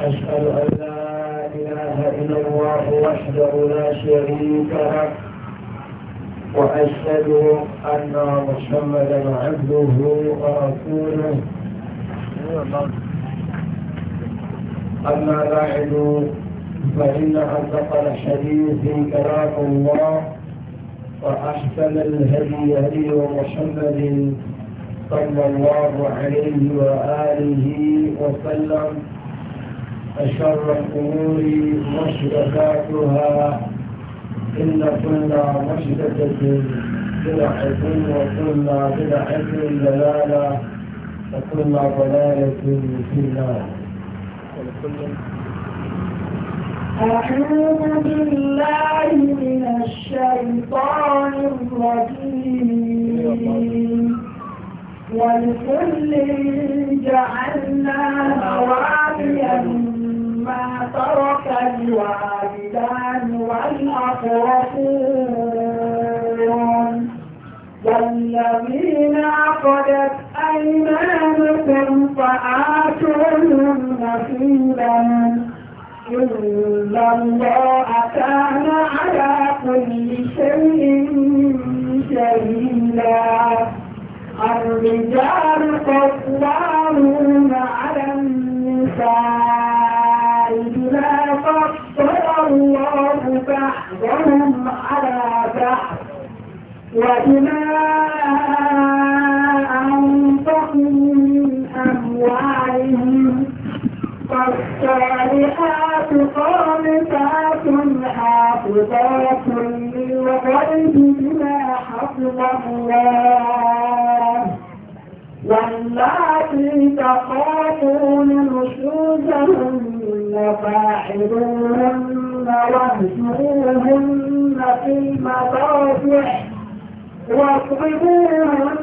أشهد أن لا إله إلا الله وحده لا شريك له وأشهد أن محمدا عبده ورسوله أما بعد فإن أصدق الحديث كلام الله وأحسن الهدي هدي محمد صلى الله عليه وآله وسلم أشر الأمور مشركاتها إن كل مشركة بدعة وكل بدعة دلالة وكل ضلالة في النار أعوذ بالله من الشيطان الرجيم ولكل جعلنا مواليا مما ترك الوالدان والأقربون والذين عقدت أيمانكم فآتوهم نصيبا إن الله كان على كل شيء شهيدا الرجال قوامون على النساء بما فضل الله بعضهم على بعض وبما أنفقوا من أموالهم فالصالحات قانتات حافظات للغيب بما حفظ الله واللاتي تخافون نشوزهن فاعلوهن واهجروهن في المضاجع واضربوهن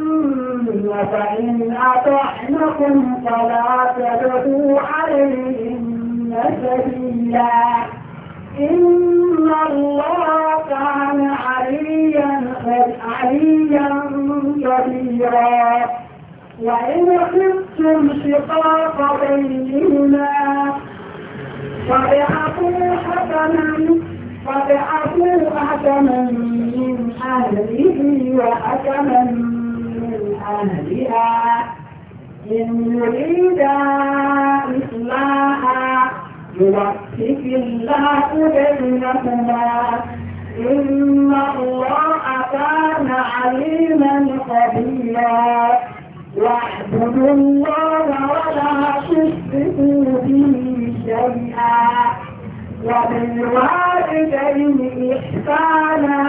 فإن أطعنكم فلا تبغوا عليهن سبيلا إن الله كان عليا عليا كبيرا وإن خفتم شقاق بينهما فبعثوا حكما فبعثوا حكما من أهله وحكما من أهلها إن يريدا إصلاحا يوفق الله بينهما إن الله كان عليما خبيرا واعبدوا الله ولا تشركوا به شيئا وبالوالدين إحسانا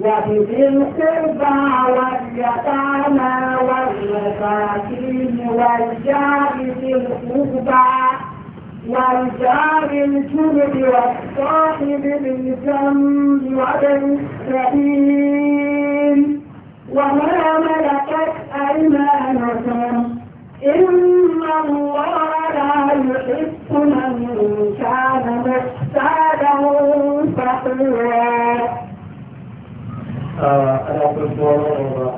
وبذي القربى واليتامى والمساكين والجار ذي القربى والجار الجنب والصاحب بالجنب وبالسبيل وما ملكت أيمانكم إن الله لا يحب من كان مختالا فخورا أنا أقول الله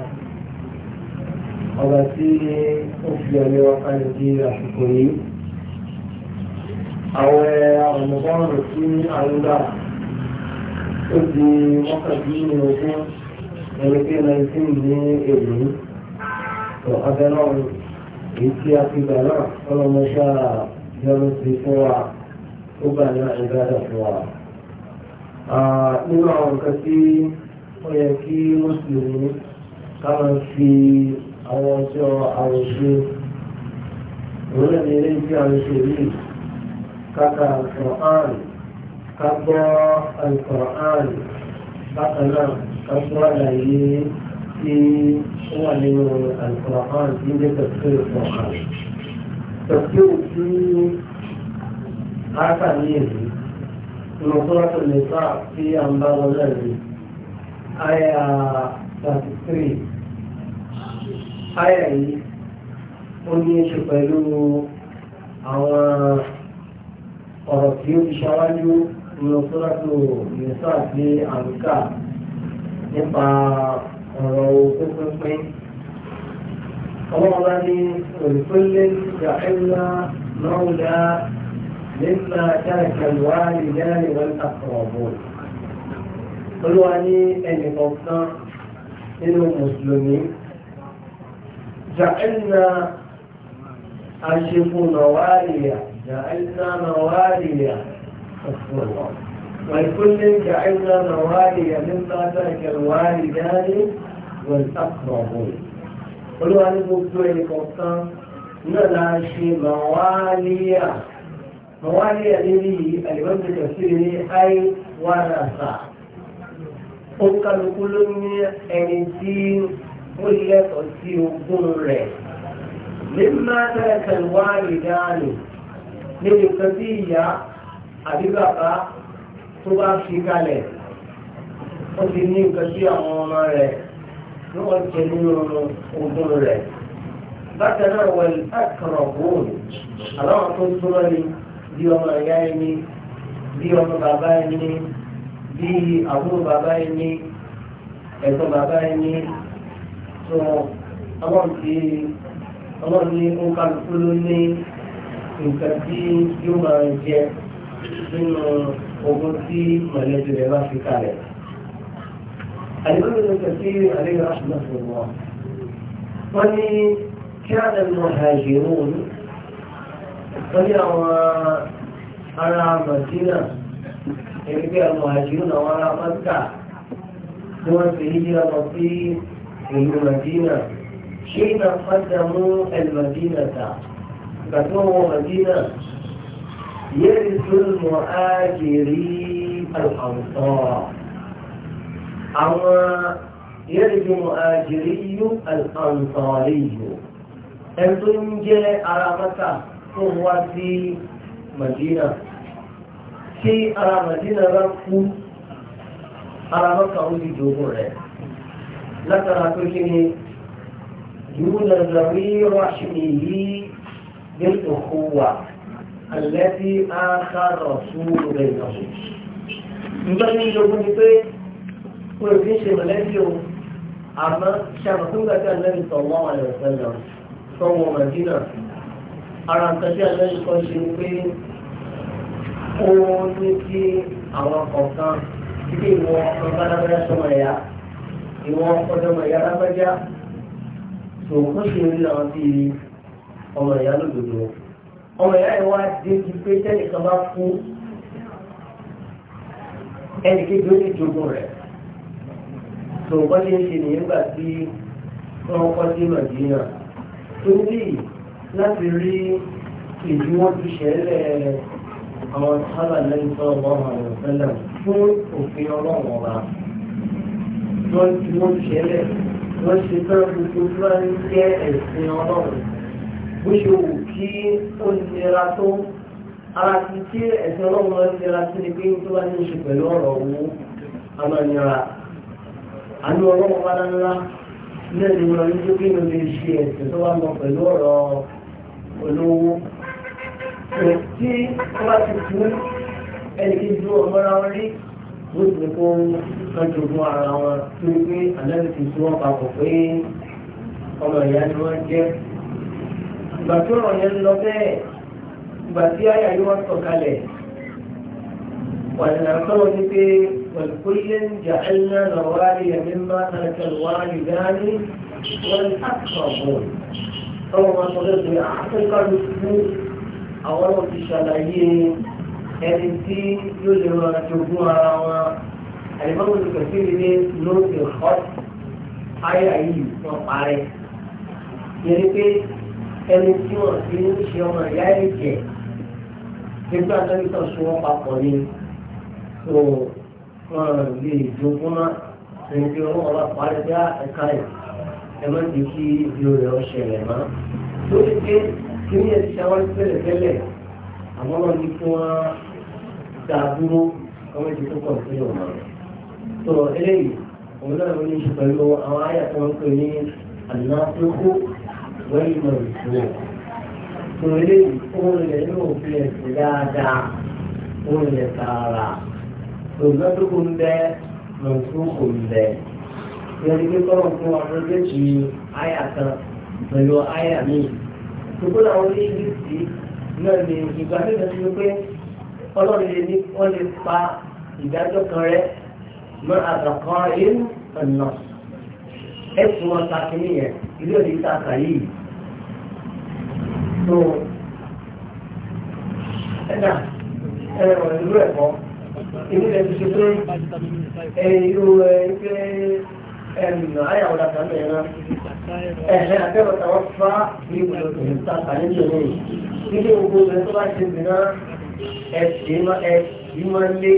ọba tí ó fi ọyọ ẹnìdí àsìkò yìí àwọn ọ̀nà bọ́ọ̀rù tí a ń gbà ó di mọ́kàndínlógún ẹni pé nineteen ní èlú tó abẹ náà èyí tí a ti gbà náà ọlọmọṣà yọrọ sí fún wa ó gbà náà ìgbàdà fún wa. nínú àwọn nǹkan tí ó yẹ kí mùsùlùmí ká máa fi àwọn ọjọ́ àwòṣe òun ní ilé tí a ń ṣe yìí kàkà àlùkò àrùn ká gbọ́ àlùkò àrùn bákan náà ọ̀ṣọ́ àlàyé tí ó wà nínú àlùkòrán tí ń jẹ́ tẹ̀síkì ìfọ̀hàn. tẹ̀síkì tí a kà ní èyí nínú sọ́ọ́tò nìfà tí a ń bá wọn náà ní àyà thirty àyà yìí ó ní ṣe pẹ̀lú àwọn ọ̀rọ̀ tí ó ti ṣáwájú nínú sọ́ọ́tò nìfà tí a ń kà nípa ọ̀rọ̀ ogún pínpín ọlọ́run bá ní olùkọ́lé ìjàkẹ́lá mọ́wúlá nípa dáàkẹ́lùwá ìjáde wọn àkọ̀ọ̀bọ̀ olúwa ní ẹnì kọ̀ọ̀kan nínú mùsùlùmí jàkẹ́lá aṣẹ́fún nàwáríyà jàkẹ́lá nàwáríyà ọ̀fún ọ̀wọ́. ولكل جعلنا موالي مما ترك الوالدان والأقربون قلوا أن بوكتو الكوكتان نلاشي مواليا مواليا لي الإمام الكثير أي ورثة Òǹkàlù kúló ní ẹni tí ó lẹ́tọ̀ọ́ sí ogún rẹ̀. Mímá tẹ́lẹ̀ tẹ̀lé wá ìdáàlì níbi kan tó bá fi kalẹ̀ ó ti ní nǹkan sí àwọn ọmọ rẹ̀ ní wọ́n jẹ nínú ogún rẹ̀ bákan náà wọ̀nyí àkàrọ̀ bóun àláwọn tó súnmọ́ ni bí ọmọ ìyá ẹni bí ọmọ bàbá ẹni bí àbúrò bàbá ẹni ẹ̀gbọ́n bàbá ẹni tó ọlọ́run ti ọlọ́run ní ó kálukú ní nǹkan tí yóò máa jẹ nínú ogún tí mọ̀lẹ́bí rẹ̀ bá fi kalẹ̀. àdìgbòmí ló tẹ̀sí àríyá aṣọ́nàfẹ́ wọn. wọ́n ní kí á lè mọ àìṣèrú òní. wọ́n ní àwọn ará màdínà èyí bí àwọn àìṣèrú àwọn ará mọ́tà tí wọ́n ti yíyá المدينة يرث المهاجرين الأنصار أما يرث المهاجري الأنصاري أنتم جاء أرامك هو في مدينة في أرى مدينة رفو أرامك أولي جوهر لك رأيك دون ضرير رحمه بالأخوة àlẹ́bí ákàrọ̀ fún rẹ̀ ìyàwó nígbà tí ìjọgbọ́n ni pé o lè fi ń ṣe mọ̀lẹ́bí o àmọ́ ṣàmùtúngà tí àlẹ́bí tọ̀wọ́ àyọ̀sẹ́lẹ̀ tọ̀wọ́ màdínà ara nǹkan tí àlẹ́bí kan ṣe ni pé ó ní kí àwọn kọ̀ọ̀kan títí ìwọ̀n ọ̀kan bá lábẹ́rẹ́ sọmọ ẹ̀yà ìwọ̀n ọ̀dọ́mọ ọmọ ìyá lódodo ọmọ ìyá ìwà dé ti pé tẹ́nìkan bá kú ẹnì kejì ó lè jogún rẹ̀ tó wọ́n lè ṣe nìyẹn gbà tí wọ́n kọ́ sí màdínà tó ń bì láti rí ìdíwọ́dúnṣẹ́lẹ̀ àwọn sábà lẹ́yìn tó ọgbọ́n àwọn ọ̀sẹ́lẹ̀ fún òfin ọlọ́run ọba wọ́n ti wọ́n ṣẹlẹ̀ wọ́n ṣe tán gbogbo tó bá ń jẹ́ ẹ̀sìn ọlọ́run bó ṣe wù tí ó nira tó ara ti tí ẹ̀sìn ọlọ́run máa ń nira sí ni pé tó bá ní oṣù pẹ̀lú ọ̀rọ̀ owó a máa nira àánú ọlọ́run bá dáńlá ní ẹ̀sìn wọn ní tó kéèyàn lè ṣe ẹ̀sìn tó bá mọ pẹ̀lú ọ̀rọ̀ olówó tí wọ́n bá ti tú ẹni kí ju ọmọra wọn rí wọ́n ti kó tọ́jú fún ara wọn tó pé àlẹ́ ti tú wọn papọ̀ pé ọmọ ìyá ni wọ́n jẹ́ ìgbà tó ràn yẹn lọ bẹ́ẹ̀ ìgbà tí àyà yìí wọ́n sọ kalẹ̀ wàlẹ̀ àtọ́wọ́ ni pé wàlúkúlẹ̀ ń jà ẹ̀yìn lọ́wọ́ rárí ẹ̀mí máa ń tẹ̀ wá ìdáni wọ́n àkọ́bọ̀ tọ́wọ́ wọn sọ lẹ́sọ̀ àfẹ́kà ló fún àwọn ọmọ ti ṣàlàyé ẹni tí yóò lè rọra jogún ara wọn àyẹ̀mọ́wò ti pẹ̀sí ilé lóògbé hot ayé àyè wọn parẹ́ yẹn ni pé ẹni tí wọ́n ti ń ṣe ọmọ ìyá ẹ̀jẹ̀ nígbà tó ń tọ́ sí wọn papọ̀ ni tó wọn lè jogún náà ẹni tí wọ́n wọ́n bá parí bí ẹ̀ka ẹ̀ ẹ má ti kí ìlú rẹ̀ ó ṣẹlẹ̀ mọ́. lórí pé kí ni ẹ̀sìn ṣáwárí tẹ́lẹ̀ tẹ́lẹ̀ àwọn náà ní kí wọ́n dá dúró ọmọ ìdí tó sí ọ̀nà rẹ̀. tó eléyìí òun náà ló ní í àwọn àyà tó ń pè ní àdínà tó kú wẹ́lìmọ̀ ìṣòwò tó ilé ohun ilẹ̀ yóò fi ẹ̀sìn dáadáa ohun ilẹ̀ tààrà tó lọ́dúnkù ń bẹ́ lọ́dúnkù ń bẹ́ lórí kíkọ́ fún ọdún méjì àyà kan pẹ̀lú àyà míì gbogbo àwọn ilé ìlú sí náà ní ìgbà nígbà tí wọ́n pé ọlọ́run lè ní wọ́n lè pa ìdájọ́ kan rẹ̀ mọ́ àgbàkan ìlú ọ̀nà ẹ̀sùn ọ̀tà kìíní yẹn ilé òdì ìta yìí lò ẹ̀dà ẹ̀rọ ìlú ẹ̀kọ́ èmi lè fi ṣe pé irú ẹgbẹ́ ẹ̀nà ayàwó dàgbà mẹ́rin ẹ̀hẹ́ akẹ́rọ̀ tàwọn fá ní ìbùdókè níta tàbí tòun nílé gbogbo ẹ̀ tó bá ṣe mìíràn ẹ̀sìn máa ń lé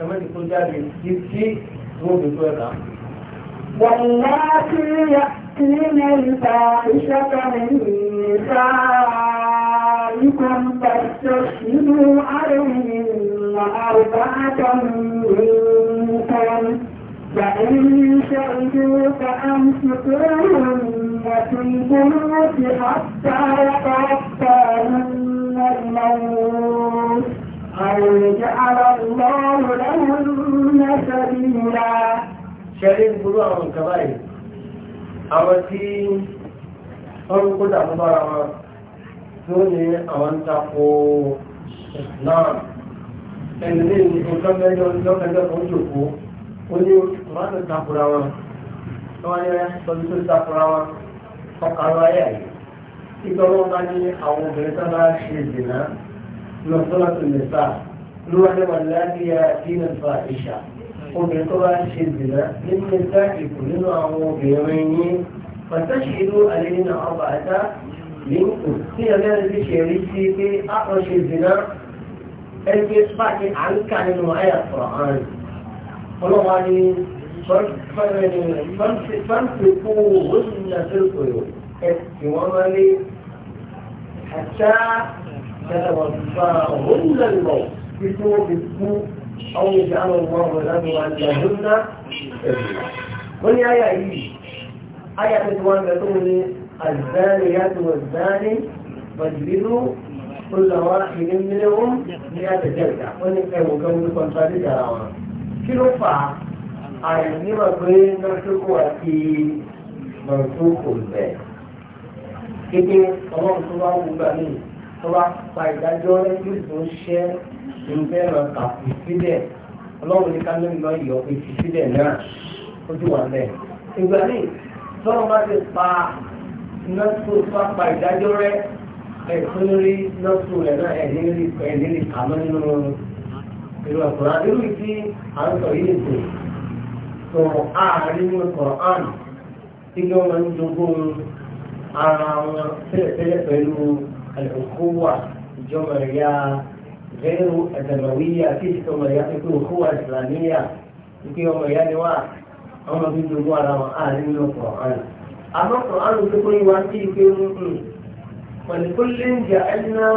ẹ̀mẹ́tì kó jáde títí wọ́n fi tó ẹ̀ka. wọ́n wá sí yá. تأتين الفاحشة من نسائكم فاستشهدوا عليهن أربعة منكم فإن شئتوا فأمسكوهن في البيوت حتى يتوفاهن الموت أو يجعل الله لهن سبيلا شريف بلوغ الكبائر àwọn tí wọ́n kó dàmú bára wọn tí ó ní àwọn ń tako náà ẹni ní ìjọkẹ́jọ́ ìjọkẹ́jọ́ tó ń jòkó ó ní wọ́n ti takura wọn wọ́n ní sọ́jú tó takura wọn ọkà lọ ayé àyè ìtọ́wọ́ bá ní àwọn obìnrin tó bá ṣe ìdènà lọ obìnrin tó bá ṣe zìnà nínú ìta ìkù nínú àwọn obìnrin yìí pàtàkìlú àlejò ọba àdá yìíkù tí ẹgbẹ́rin ti ṣe rí sí pé àwọn ṣe zìnà ẹgbẹ́ pàtàkì à ń kà nínú àyà Kùránì ọlọ́wà ni fọ́nfẹ́kù wọ́n nà sílùkù ẹ̀ tí wọ́n máa lé àṣà tẹ̀lé wọn fà òun lẹ́nu bọ̀ títí wọ́n fi kú أو يجعل الله له أن يهن قل آية إيه آية تتوان بتقول الزانيات والزاني فاجلدوا كل واحد منهم مئة جلدة قل إيه مكون كونتراتي جراوة كيلو فا آية نيما بين نفسك وأتي منسوخ البيت كده الله سبحانه وتعالى طبعا فإذا جوني يزوشي ń lọ kà sílẹ̀ ọlọ́run ní kánú lọ yọ fi sílẹ̀ náà ó ti lẹ̀. ìgbà ní sọ́run bá ti pa nọ́ọ̀sù tó pa ìdájọ́ rẹ ẹ̀kọ́ lórí nọ́ọ̀sù rẹ̀ náà ẹ̀ nílì ẹ̀ nílì kàmọ́ nínú ìlú ọ̀kùnrin àdéhùn tí à ń sọ yìí nìkan tó àárín nínú kọ̀ọ̀án tí wọ́n máa ń jogún ara wọn tẹ́lẹ̀tẹ́lẹ̀ pẹ̀lú àlùkò wà ìjọba ìyá غير النبوية تلك ọmọ ìyá pé òkú wa ìsìlámíyà wípé ọmọ ìyá ni wá ọmọ bí gbogbo ara wọn á nínú ọkọ̀ ọ̀hún. àbọ̀kọ̀ àrùn tó kórè wá sí ìpé nínú ولكل جعلنا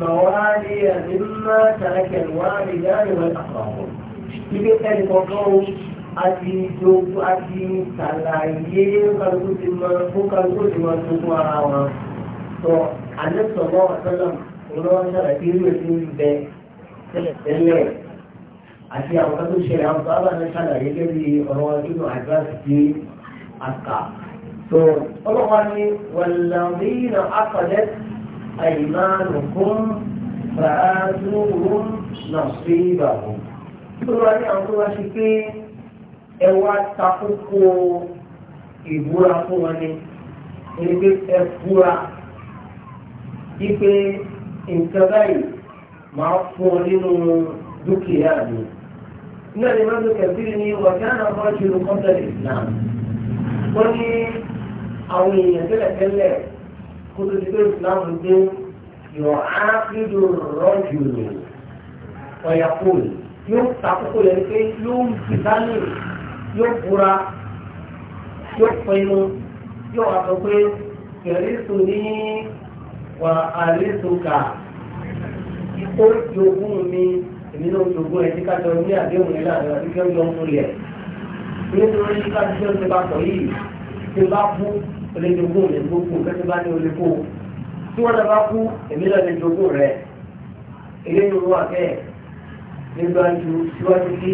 موالي مما ترك الوالدان والأقربون. ibi ẹni kọ̀ọ̀kan àti ìjọba àti ìtàlàyé kálukú ti máa kó kálukú ti máa tó fún ara wọn. sọ àlẹ́ sọ̀rọ̀ ọ̀sán náà olówó sára tí irú ètò ń bẹ tẹ́lẹ̀ àti àwọn kan tó ṣẹlẹ̀ àwọn sábà náà ṣàlàyé lórí ọ̀rọ̀ nínú àdúrásì tí a kà. tó ọlọ́wọ́ ni wàlàmínà akọ̀lẹ́ àìmánukún fàánúhùn náà sí ní àwọn tó wá ṣe pé ẹ takókò ìbúra fún wọn ni ẹni pé ẹ nǹkan báyìí máa fún ọ nínú dúkìá mi nígbà tí wọ́n dúkìá sí ni wọ́n kí àwọn ọmọ ju kọ́ńtà islam wọ́n ní àwọn èèyàn tẹ́lẹ̀tẹ́lẹ̀ kó tó ti pé islam dé yọ áfíìdù rọ́jù ọ̀yà kúrò yóò takókò lẹ́nu pé yóò fi dání yóò búra yóò pinnu yóò wà sọ pé kẹrìsùn ní wà àlétòkà ó jogún mi èmi náà jogún ẹ tí kájọ ní àdéhùn rẹ láàrin àti kí ọjọ́ ń múlẹ̀ nítorí kájọ ti bá sọ yìí ti bá kú olè jogún rẹ gbogbo kẹ́tí bá ní olè kó tí wọ́n náà bá kú èmi náà lè jogún rẹ eléyìí ló wà bẹ́ẹ̀ nígbà ju síwájú kí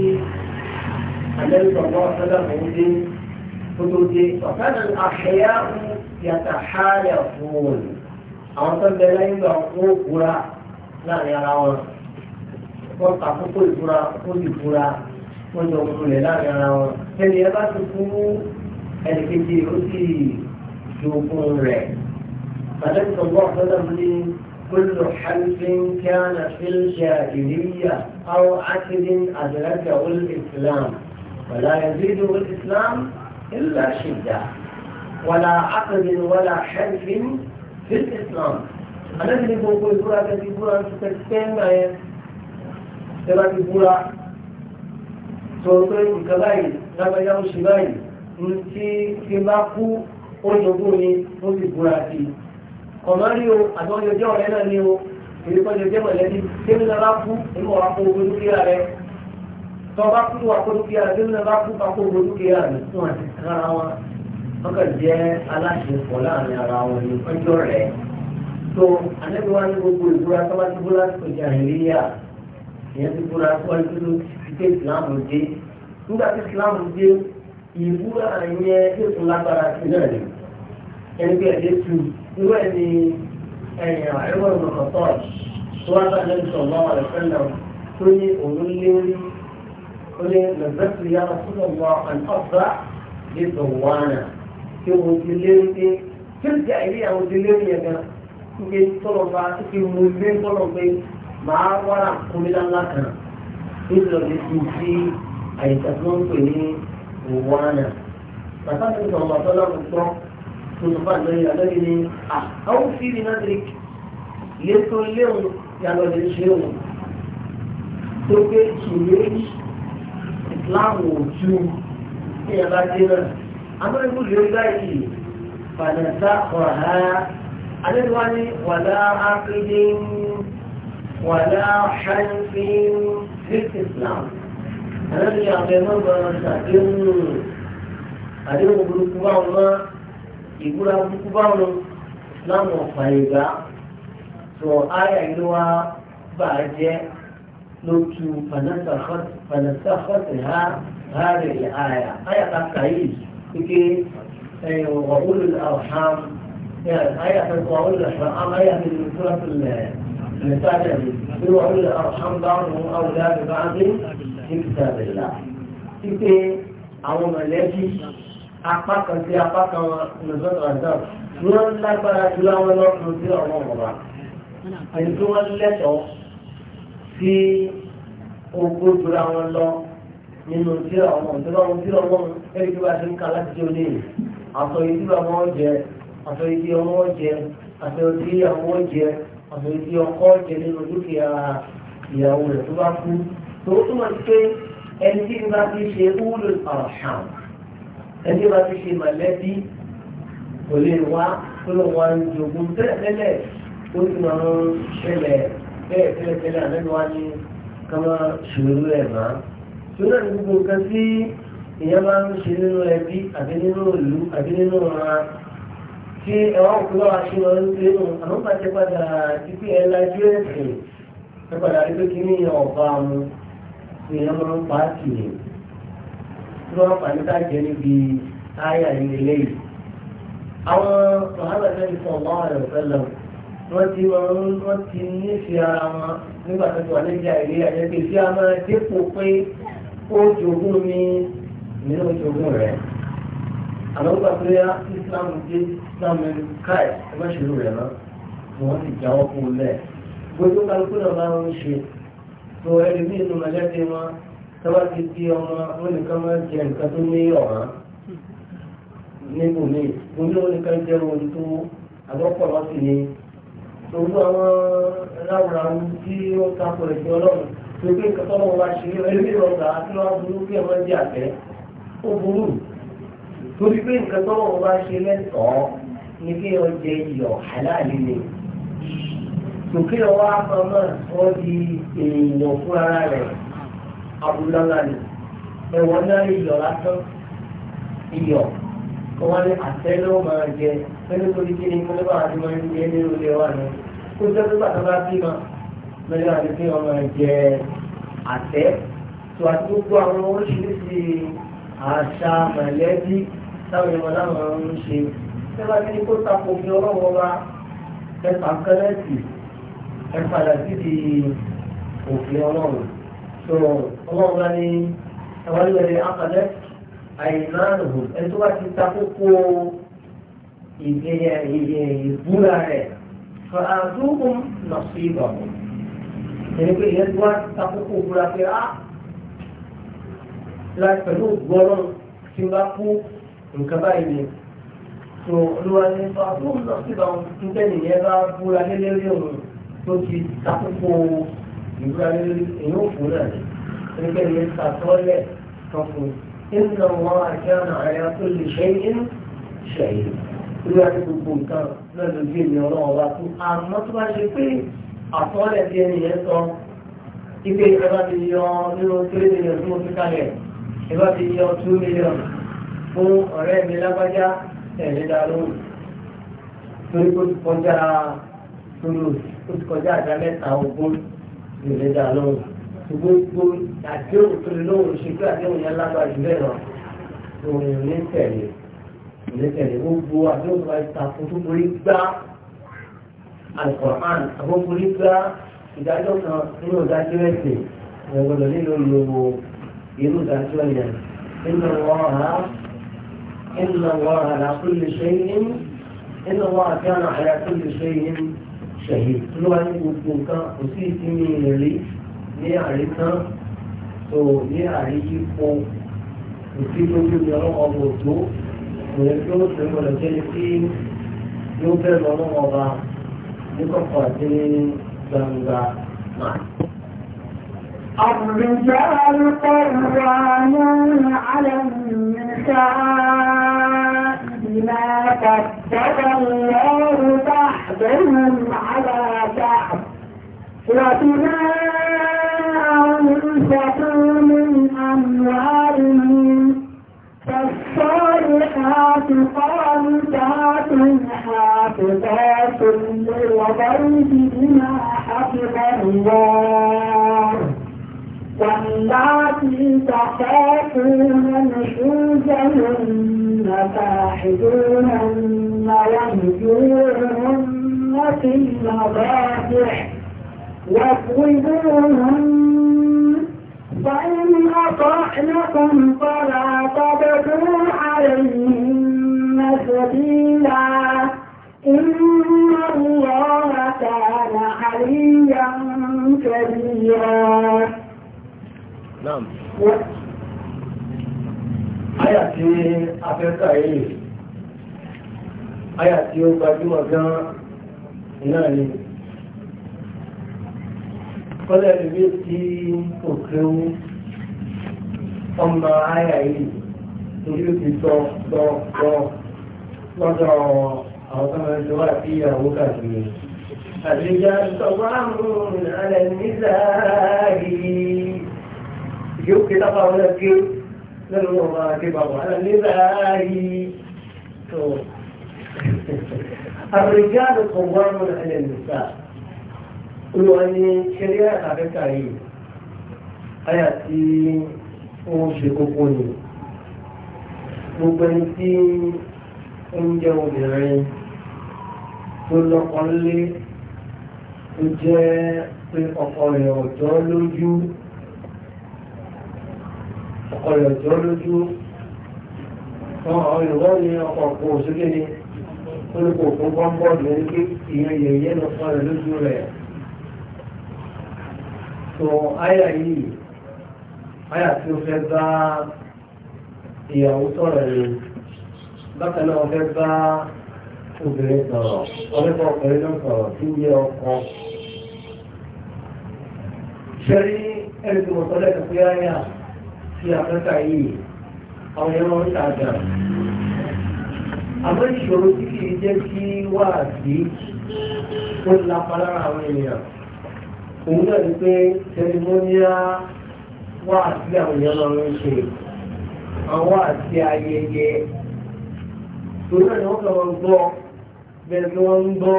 àlẹ́sọ̀gbọ́ ọ̀sọ́dọ̀mọ̀ ń dé tó tó dé ọ̀sán àṣẹyà yàtà háyà fún òun àwọn tó ń bẹ lẹ́yìn gbà wọ́n búra láàrin ara wọn wọ́n kà kókó ìbúra wọ́n lè búra wọ́n jọ kulẹ̀ láàrin ara wọn. ẹnì ẹ bá ti fún ẹnìkejì ó sì dogun rẹ̀. àdéhùn sọ̀gbọ́n àtọ́jà mi ní kúlù xalfin kíánà fílṣà ìlíyà àwọn akidin àdìrẹ́kà ul islam wàlá yazidu ul islam illa shidda wàlá akidin wàlá xalfin this Islam anábì ní gbogbo ìbúra tẹ́tí búra ti tẹ́tí tẹ́ńgbà yẹn tẹ́lá ti búra sọ pé nǹkan báyìí lágbájá ó ṣe báyìí ntí ti bá kú ó jogún ni ó sì búra sí i kọ̀mọ́rí o àtọ́jọjọ́ ọ̀rẹ́ náà ni o èyí kọ́jọjọ́ mọ̀lẹ́bí tẹ́mi náà bá kú èmi wà kó owó dúkìá rẹ tọ́ kú wà kó dúkìá rẹ tẹ́mi náà bá kó owó dúkìá rẹ fún àti kára wọn wọ́n kàn jẹ́ aláṣepọ̀ láàrin ara wọn ní ọjọ́ rẹ̀ tó anẹ́gbẹ́wá ní gbogbo ìbúra tó bá ti bú lásìkò jẹ́ àìríyà ìyẹn ti búra tó wá dúró títí ìsìláàmù dé nígbà tí ìsìláàmù dé ìbúra yẹn tó tún lágbára sí náà ni ẹni bí ẹ̀dẹ́ tu irú ẹ̀ ni ẹ̀yìn àìwọ̀ ìmọ̀kọ̀tọ̀ tó wá bá lẹ́nu sọ̀rọ̀ àwọn ẹ̀fẹ́ tó ní òun lérí ó ní lọ́gbẹ́sì yára tó lọ́wọ́ àǹtọ́gbà ní tòwánà tí mo ti lérí pé tí ó jẹ́ ìrí àwọn ti lérí yẹn gan iye tọ́lọ̀ bá ti mú ilé tọ́lọ̀ pé màá wára kúnlélá ńlá kan nítorí ọ̀dẹ́ ti di àìsàn tó ń pè ní ìwọ́nà bàbá mi sọ̀rọ̀ bàbá lọ́rùn tán tuntun bá lórí àlọ́yìn ni àwọn fíìmì náà ti létò léwu yàtọ̀ lè ṣe òun tó pé ìwé ìsìláàmù ojú ní dé náà àmọ́ irú rẹ̀ báyìí fàdàtà ọ̀há alẹ́wàní wàlá ápídé wàlá ṣáìfì fit islam alẹ́bí àbẹ̀mọ́ bọ̀rọ̀ ṣàdéhùn àdéhùn burúkú bá wọn ìbúra burúkú bá wọn islam ọ̀fà ìgbà tó ayà ìlú wa bà jẹ́ lótú fàdàtà ọ̀há rẹ̀ àyà áyà ká yìí ike وأولو الأرحام يعني آية وأولو الأرحام آية من سورة النساء يقول وأولو الأرحام بعضهم أولى ببعض في كتاب الله ike àwọn mọ̀lẹ́bí apá kan sí apá kan lọ́sọ̀tọ̀ àdáwò ni wọ́n lágbára jù láwọn lọ́kùnrin sí ọ̀rọ̀ ọ̀rọ̀ àti tí wọ́n lẹ́tọ̀ọ́ sí ogójì láwọn lọ́kùnrin nínú tíra ọmọ tíra ọmọ tíra ọmọ ẹni tí wàá ṣe ń kà láti jẹ olè aṣọ yìí tí bàbá wọn jẹ aṣọ yìí tí ọmọ wọn jẹ aṣọ yìí tí ìyàwó wọn jẹ aṣọ yìí tí ọkọ jẹ nínú dúkìá ìyàwó rẹ tó bá kú tó túmọ̀ sí pé ẹni tí bá ti ṣe wúlò àràṣàn ẹni tí bá ti ṣe mọ̀lẹ́bí kò lè wá tó lọ wá ń jogún tẹ́lẹ̀tẹ́lẹ̀ ó ti máa ń ṣẹlẹ̀ bẹ́ẹ̀ tẹ́lẹ̀tẹ́lẹ̀ àlẹ́ tó náà ní gbogbo nǹkan tí èèyàn máa ń ṣe nínú ẹbí àbí nínú ìlú àbí nínú ọ̀ra tí ẹ̀wọ̀n òkúlọ́ aṣọ lọ ń pè nù àmọ́ pàṣẹ padà títí ẹ̀ lajú ẹ̀sìn ẹ̀ padà rí pé kí ní ọ̀bá mu èèyàn máa ń pa á tì í tí wọ́n fà níta jẹ́ níbi táyà ilé yìí. àwọn wàhálà sẹ́yìn fún ọ̀gbọ́n àrẹ̀ ọ̀fẹ́lẹ̀ wọ́n ti wọ́n ti nífẹ̀ẹ́ ara wọn nígbà tó ti wà níbi àìrí àjẹpẹ́ sí àmọ́ dépò pé ó jogún mi nínú jogún rẹ̀ àwọn ọgbà tó yá Islam dé Islam ẹni káì ẹ má ṣerú rẹ̀ náà tí wọ́n ti já ọkọ̀ lẹ̀ gbogbo kálukú náà máa ń ṣe tó ẹni bí inú mẹlẹ́dẹ́ wọn tọ́wọ́ ti di ọmọ wọn nìkan máa jẹ nǹkan tó ní ọ̀ràn níbo mi gbogbo wọn jẹ ohun tó àgbọ̀pọ̀ ni gbogbo àwọn ráwùráwù tí ó takò ẹ̀sìn ọlọ́run pé nǹkan tó lọ́wọ́ bá ṣe é ẹni ìrọ̀gà tí wọ́n burú kí ẹ̀wọ́n jẹ́ àtẹ́ ó burú torí pé nǹkan tó lọ́wọ́ bá ṣe lẹ́tọ̀ọ́ ni kí ẹ̀wọ́n jẹ iyọ̀ aláàlẹ́ ni tòkè ọwọ́ àpamọ́ wọ́n di èèyàn fún ara rẹ̀ abúlọ́lá ni ẹ̀wọ̀n náà iyọ̀ lásán iyọ̀ kọ́ wá ní àtẹ́ ló máa jẹ pé nítorí kí ni kí wọ́n bá àti máa ń jẹ ní ni kó jẹ́ pé bàtà bá bí lọ́jọ́ àti pé ọmọ ẹ̀jẹ̀ àtẹ́ tó àti gbogbo àwọn oríṣiríṣi àṣà mọ̀lẹ́bí táwọn ìmọ̀ láwọn ń ṣe tẹ́lá ní kó tako fi ọlọ́wọ́ wa ẹ̀fà kẹ́lẹ́tì ẹ̀fà làbíbi òfin ọlọ́run tó ọlọ́run bá ní ẹ̀wọ́n lórí akadẹ́ àìmáàrùn ẹni tó bá ti tako kó ìbúra rẹ̀ fàdúkùn nà sí Jadi pé buat tó wá takókò òbúra pé á láti pẹ̀lú gbọ́rọ̀ tí n bá kú nǹkan ni tó olúwa ní bá tó ń lọ síbà ń tẹ́lẹ̀ yẹn bá búra lélẹ́ rí òun tó ti takókò ìbúra lélẹ́ èyí ò fún náà Allah pé ìyẹn sàtọ́lẹ̀ kan fún إن الله كان على كل شيء شهيد. Olúwa ní gbogbo nǹkan àtọ́lẹ̀ tí ẹni yẹn sọ ipe ẹ̀bá ti yọ nínú three million tí mo fi kalẹ̀ ẹ̀bá ti yọ two million fún ọ̀rẹ́ mi lágbájá ẹ̀mí dá lóhùn torí kó ti kọjá tóló kó ti kọjá àdá mẹ́ta ogún ẹ̀mí dá lóhùn gbogbo àdéhùn tó lè lóhùn ṣe pé àdéhùn yẹn lágbára jù bẹ́ẹ̀ lọ òun ní tẹ̀lé òun ní tẹ̀lé gbogbo àdéhùn tó bá ti ta fún tó borí gbá alukoran àbókùnrin gba ìdájọ́ kan nínú ìdájọ́ ẹ̀sìn ìrọ̀gbọ̀dọ̀ nínú ìlòwò irú ìdájọ́ yẹn nínú wọ́ọ̀rá nínú wọ́ọ̀rá àlàkùnlé ṣẹ́yìn nínú wọ́ọ̀rá kí wọ́n àyàkùnlé ṣẹ́yìn ṣẹ̀yìn ló wá ní gbogbo nǹkan kò sí ìsinmi ìrẹ̀lí ní àrí kan tó ní àrí yípo kò sí lójú ní ọlọ́kọ̀ọ́ yóò bẹ̀rù ọlọ́wọ́ ọba nígbàkọ̀ àti gbangba náà. الرجال قوامون على النساء بما كتب الله بعضهم على بعض وبما أنفقوا من الحافظات حافظات للغيب بما حفظ الله واللاتي تخافون نشوزهن فاحذوهن واهجوهن في المضاجع واضربوهن فإن أطعنكم فلا كبيرا نعم tí a fẹ́ ó ọmọ aya yìí, ojú ti tọ́ tọ́ tọ́ lọ́dọ̀ àwọn tó máa ń ìyàwó kàkiri. الرجال قوامون على النساء يوم كده قولك للمراكب على النساء الرجال قوامون على النساء قلوا أن شريعة عبدت عليه آياتي وشكوكوني مبنتي أنجا وبرعين كل قلي ó jẹ́ pé ọkọ rẹ̀ ọ̀jọ́ lójú ọkọ rẹ̀ ọ̀jọ́ lójú àwọn ìwọ́ ni ọkọ̀ òkú òṣèké ni olùkó òkú bọ́m̀bọ́ọ̀lù ẹni pé ìyẹn yẹ̀yẹ́ lọ fún rẹ̀ lójú rẹ̀ tó àyà yìí àyà tí ó fẹ́ bá ìyàwó sọ̀rọ̀ ni bákan náà fẹ́ bá obìnrin sọ̀rọ̀ ọlọ́pàá ọkùnrin ló ń sọ̀rọ̀ tí ń yẹ ọkọ. ṣẹ́rí ẹni tí mo sọ lẹ́nu pé áyà sí afẹ́fẹ́ yìí àwọn èèyàn máa ń ṣàjà. àmọ́ ìṣòro tí kì í jẹ́ kí wà sí ó lápá àwọn ènìyàn. òun náà ni pé tẹlimóníà wà sí àwọn èèyàn máa ń ṣe àwọn àti ayẹyẹ. Tòun náà ni wọ́n kàn máa gbọ́ bẹ́ẹ̀ tí wọ́n ń gbọ́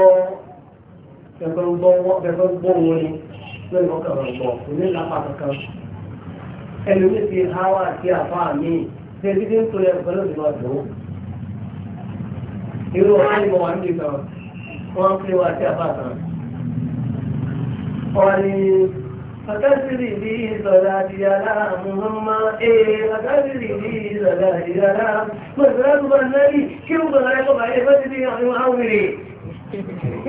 ẹ̀kọ́ gbọ́ wọn ni lórí ní ti há wà sí mi ṣe bí tí ń tó yẹ pẹ̀lú ìlú ọ̀dọ́ irú ọ̀rọ̀ ni mo wà níbi kan wọ́n ń pè wá sí àfa kan wọ́n فتسري به صلاتي على محمد ايه فتسري به صلاتي على مزرعة النبي شو مزرعة بعيد فتسري عن معاوري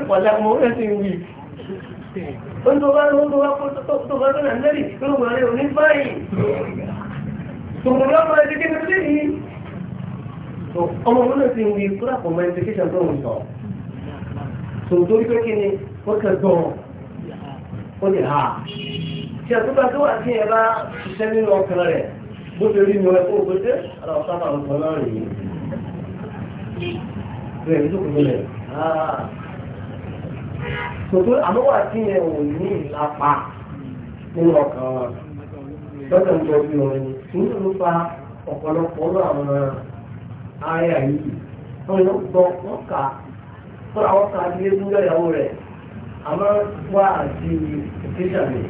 ولا مؤنس يومي كنت قال كنت قال كنت قال النبي كنت قال يونس باي tòmùlọ́ máa ti kí ní lé yìí ọmọ wọn náà ti ń wí kúrò àpò máa ti kí ṣàtọ̀ ń sọ tòmùtò wípé kí ni wọ́n kẹ́ gbọ́n ó lè ha tí a tó bá tó wà tí ẹ bá ṣiṣẹ́ nínú ọkàn rẹ̀ bó ṣe rí mi ọ òkúté ara ọ̀sá bá ń sọ náà rèé rẹ̀ ní tókòtò ah. rẹ̀ tòtò àmọ́ tí ẹ ò ní ìlàpá nínú ọkàn wọn lọ́dọ̀ ń jọ bí orin ní ló fa ọ̀pọ̀lọpọ̀ ọ̀rọ̀ àwọn ààyè yìí wọ́n yóò gbọ́ wọ́n kà fúnra wọn kà á dílé fún rẹ̀ àmọ́ wá àti òkèjà mi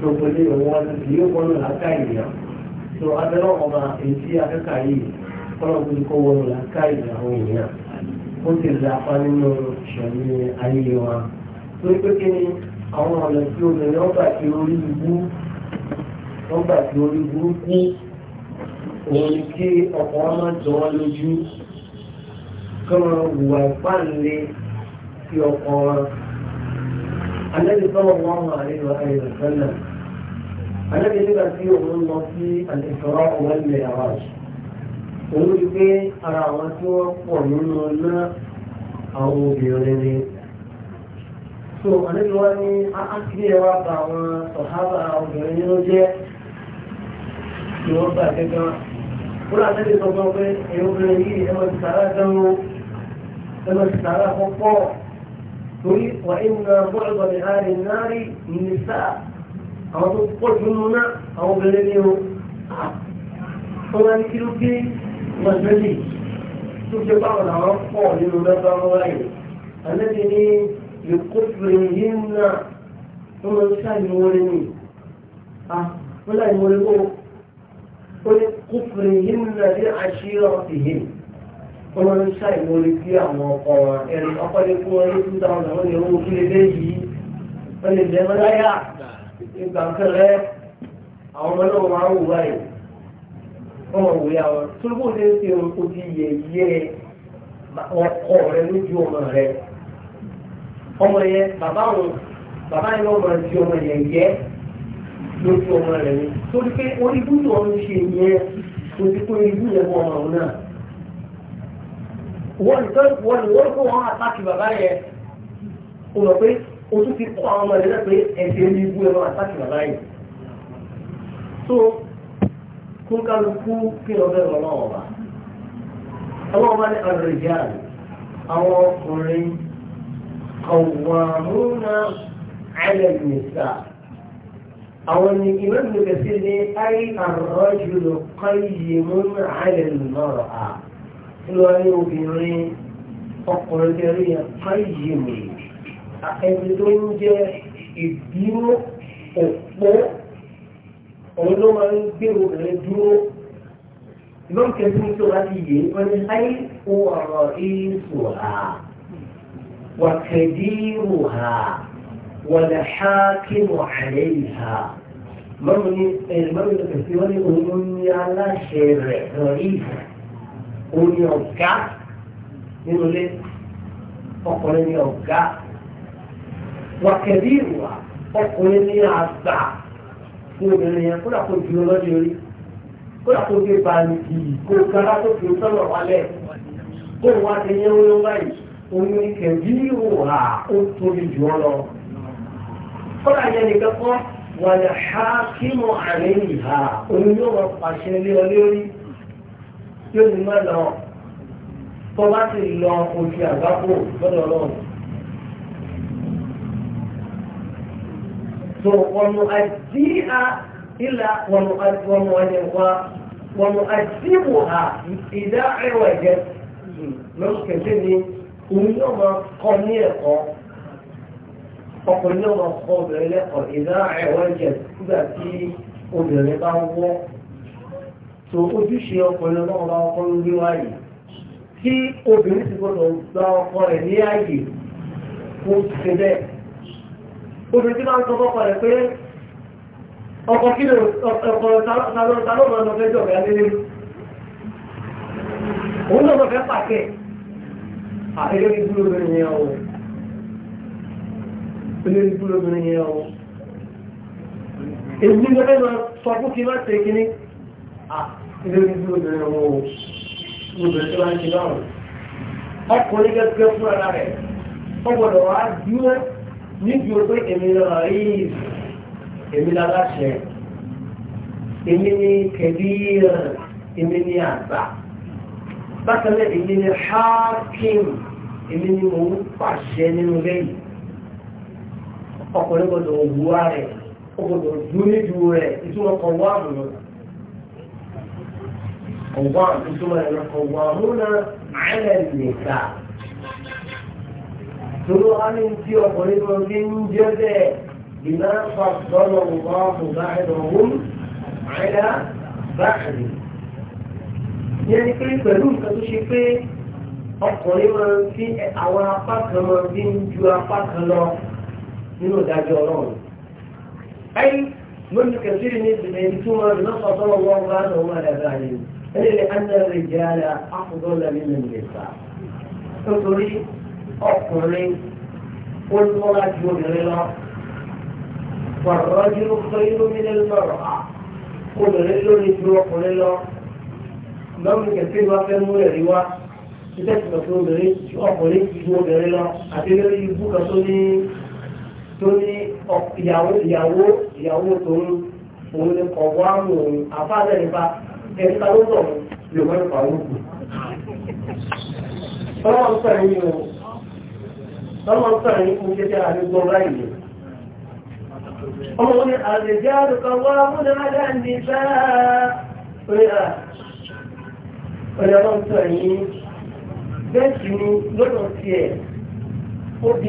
tó kò lè wọ́n wá títí yóò wọ́n làákà ènìyàn tó abẹ́rẹ́ ọba èyí akẹ́kà yìí kọ́nà tó ti kọ́ wọ́n làákà ìyàwó ènìyàn ó ti là apá nínú ìṣẹ̀lẹ̀ ayé wa tó pé kí ni àwọn ọ̀nà tí obìnrin ọgbà tí orí ibú ọgbà tí orí burúkú òun ni kí ọkọ̀ ọmọ jọ wọn lójú kí wọ́n wùwà ìpáǹle kí ọkọ̀ wọn. النبي صلى الله عليه وآله وسلم النبي لما فيه من في الإسراء والمعراج ونقول في ومن ومنهن أو بيرني سو أنا جواني أكبر وقع صحابة أو بيرني رجع يوضع كذا قل عن النبي صلى الله عليه وسلم يوم النبي أما السعادة أما السعادة torí wà ìmúna bọ́ọ̀lù ní àárín náírì nìsá àwọn tó pọ̀ jù nù náà àwọn obìnrin ni o wọ́n máa ní kí ló dé mọ̀tẹ́lì tó ṣe báwọn làwọn pọ̀ nínú lọ́gbà wáyé àlẹ́bí ní ìkófìrì yìí náà wọ́n máa ń ṣàyẹ̀wòrán ni wọ́n láyẹ̀wòrán kó ó ní kófìrì yìí náà ní àṣírọ̀ ìhìn wọ́n máa ń ṣàìmọ́lé sí àwọn ọkọ̀ ẹ̀rí ọkọ̀ fún wọn ní two thousand wọ́n lè owó kí lè dé yìí wọ́n lè bẹ́ẹ̀ mọ́láyà ìgbà kẹrẹ àwọn ọmọ náà máa ń wù wáyé wọ́n máa wù yá wọn tó ló lè fi ohun kó ti yẹ yẹ ọkọ rẹ lójú ọmọ rẹ ọmọ yẹn bàbá òun bàbá yẹn ọmọ ti ọmọ yẹn yẹ lójú ọmọ rẹ ni torí pé orí búdú ọmọ ṣe yẹn kò pé ibú yẹn mọ ọmọ náà wọ́n ní wọ́n ní wọ́n kó wọn àtàkì bàbá yẹn o mọ̀ pé o tún ti kọ́ àwọn ọmọ rẹ̀ náà pé ẹ̀sẹ̀ ní ibú ẹ̀rọ àtàkì bàbá yẹn so kún kálukú kí ọ̀bẹ rọ̀ náà wà ọlọ́wọ́ bá ní àrẹ̀já àwọn ọkùnrin kọ̀wàmúnà àìlẹ̀mìsà àwọn ni ìmọ̀ ìgbẹ̀sí ní àìlẹ̀mìsà olúwa ní obìnrin ọkùnrin tẹ̀rí àkáyèmí ẹni tó ń jẹ́ ìdúró òpó òun ló máa ń gbé obìnrin dúró lóun kẹsí ní tó láti yé wọn ní ayé kó ọ̀rọ̀ ìṣù ha wàkẹ́dírù ha wàlẹ̀hákìmù àlẹ́yìí ha mọ́mí ní ẹ̀rọ mọ́mí ní kẹsí wọn ní òun ló ní aláṣẹ rẹ̀ rọ̀ yìí. òun ni ọ̀gá nínú ilé ọkùnrin ni ọ̀gá wàkẹ̀bí ọkùnrin ni àgbà ní obìnrin yẹn kódà kó ju ọlọ́dẹ orí kó gbé bàǹkì kó gara tó fi sọ́nà wálẹ̀ kó wá ti yẹ kẹ̀bí ìwà ó tóbi jù ọ ha kí mo àlẹ́ tí ó ní má lọ tó bá sì lọ ojú àgbákò lọ́dọ̀ lọ́wọ́. so wọnú àjí a ilà wọnú wọnú ẹni wa wọnú àjí wò ha ìdá ẹwà jẹ lọ́sùn kẹ̀kẹ́ ni òun yóò máa kọ́ ní ẹ̀kọ́ ọkùnrin náà máa kọ́ obìnrin lẹ́kọ̀ọ́ ìdá ẹwà jẹ nígbà tí obìnrin bá ń wọ́ so ojúṣe ọkùnrin ọlọ́run bá ọkọ ń gbé wáyé tí obìnrin ti gbọdọ̀ gba ọkọ rẹ̀ ní ààyè kó ṣe bẹ́ẹ̀ obìnrin tí máa ń sọ fọ́kọ rẹ̀ pé ọkọ kí ló ọkọ talọ́ọ̀mọ́ lọ fẹ́ jọ ọ̀gá lélẹ́ òun náà lọ fẹ́ pàṣẹ àìlè ní búrò lórí yẹn o ilé ní búrò lórí yẹn o èmi ló fẹ́ lọ sọ fún kí n má ṣe kínní ilé ní tí obìnrin wọn ò obìnrin tí wọ́n ń ṣe báwọn. ọkùnrin gẹ́gẹ́ fún ara rẹ̀ wọ́n gbọ́dọ̀ wá dúró níbi o pé èmi náà rí èmi láláṣẹ èmi ní kẹ̀bí èmi ní àgbà bákan náà èmi ní hákìm èmi ni mo ń pàṣẹ nínú lẹ́yìn ọkùnrin gbọ́dọ̀ wúwa rẹ̀ ó gbọ́dọ̀ dúró rẹ̀ ìtumọ̀ kan wá قوام ثم قوامون على النساء سلوان انتي وقريب من جده بما فضل الله بعضهم على بعض يعني كيف يقولون كتشفي ọkùnrin máa ń fi àwọn apá kan máa fi ń ju apá kan lọ nínú ìdájọ́ ọlọ́run. ayé lónìí kẹsìrì ní ìbìlẹ̀ ibi tí wọ́n lọ́sọ̀ọ́sọ́ wọn wá lọ́wọ́ àdàgbà yìí. لأن الرجال أفضل من النساء nítorí ọkùnrin ó lọ́la ju obìnrin lọ wàrọ́jú lóyún lómi lọ́rọ̀ obìnrin lórí ju ọkùnrin lọ lọ́mú kẹfẹ́ wa fẹ́ mú ẹ̀rí wa títẹ̀ tìmọ̀ fún obìnrin ju ọkùnrin ju obìnrin lọ àti lórí ibú kan tó ní tó ní ìyàwó ìyàwó ìyàwó tòun òun ni kọ̀wá mú òun àfáàlẹ́ nípa ẹ̀rí ọmọ ní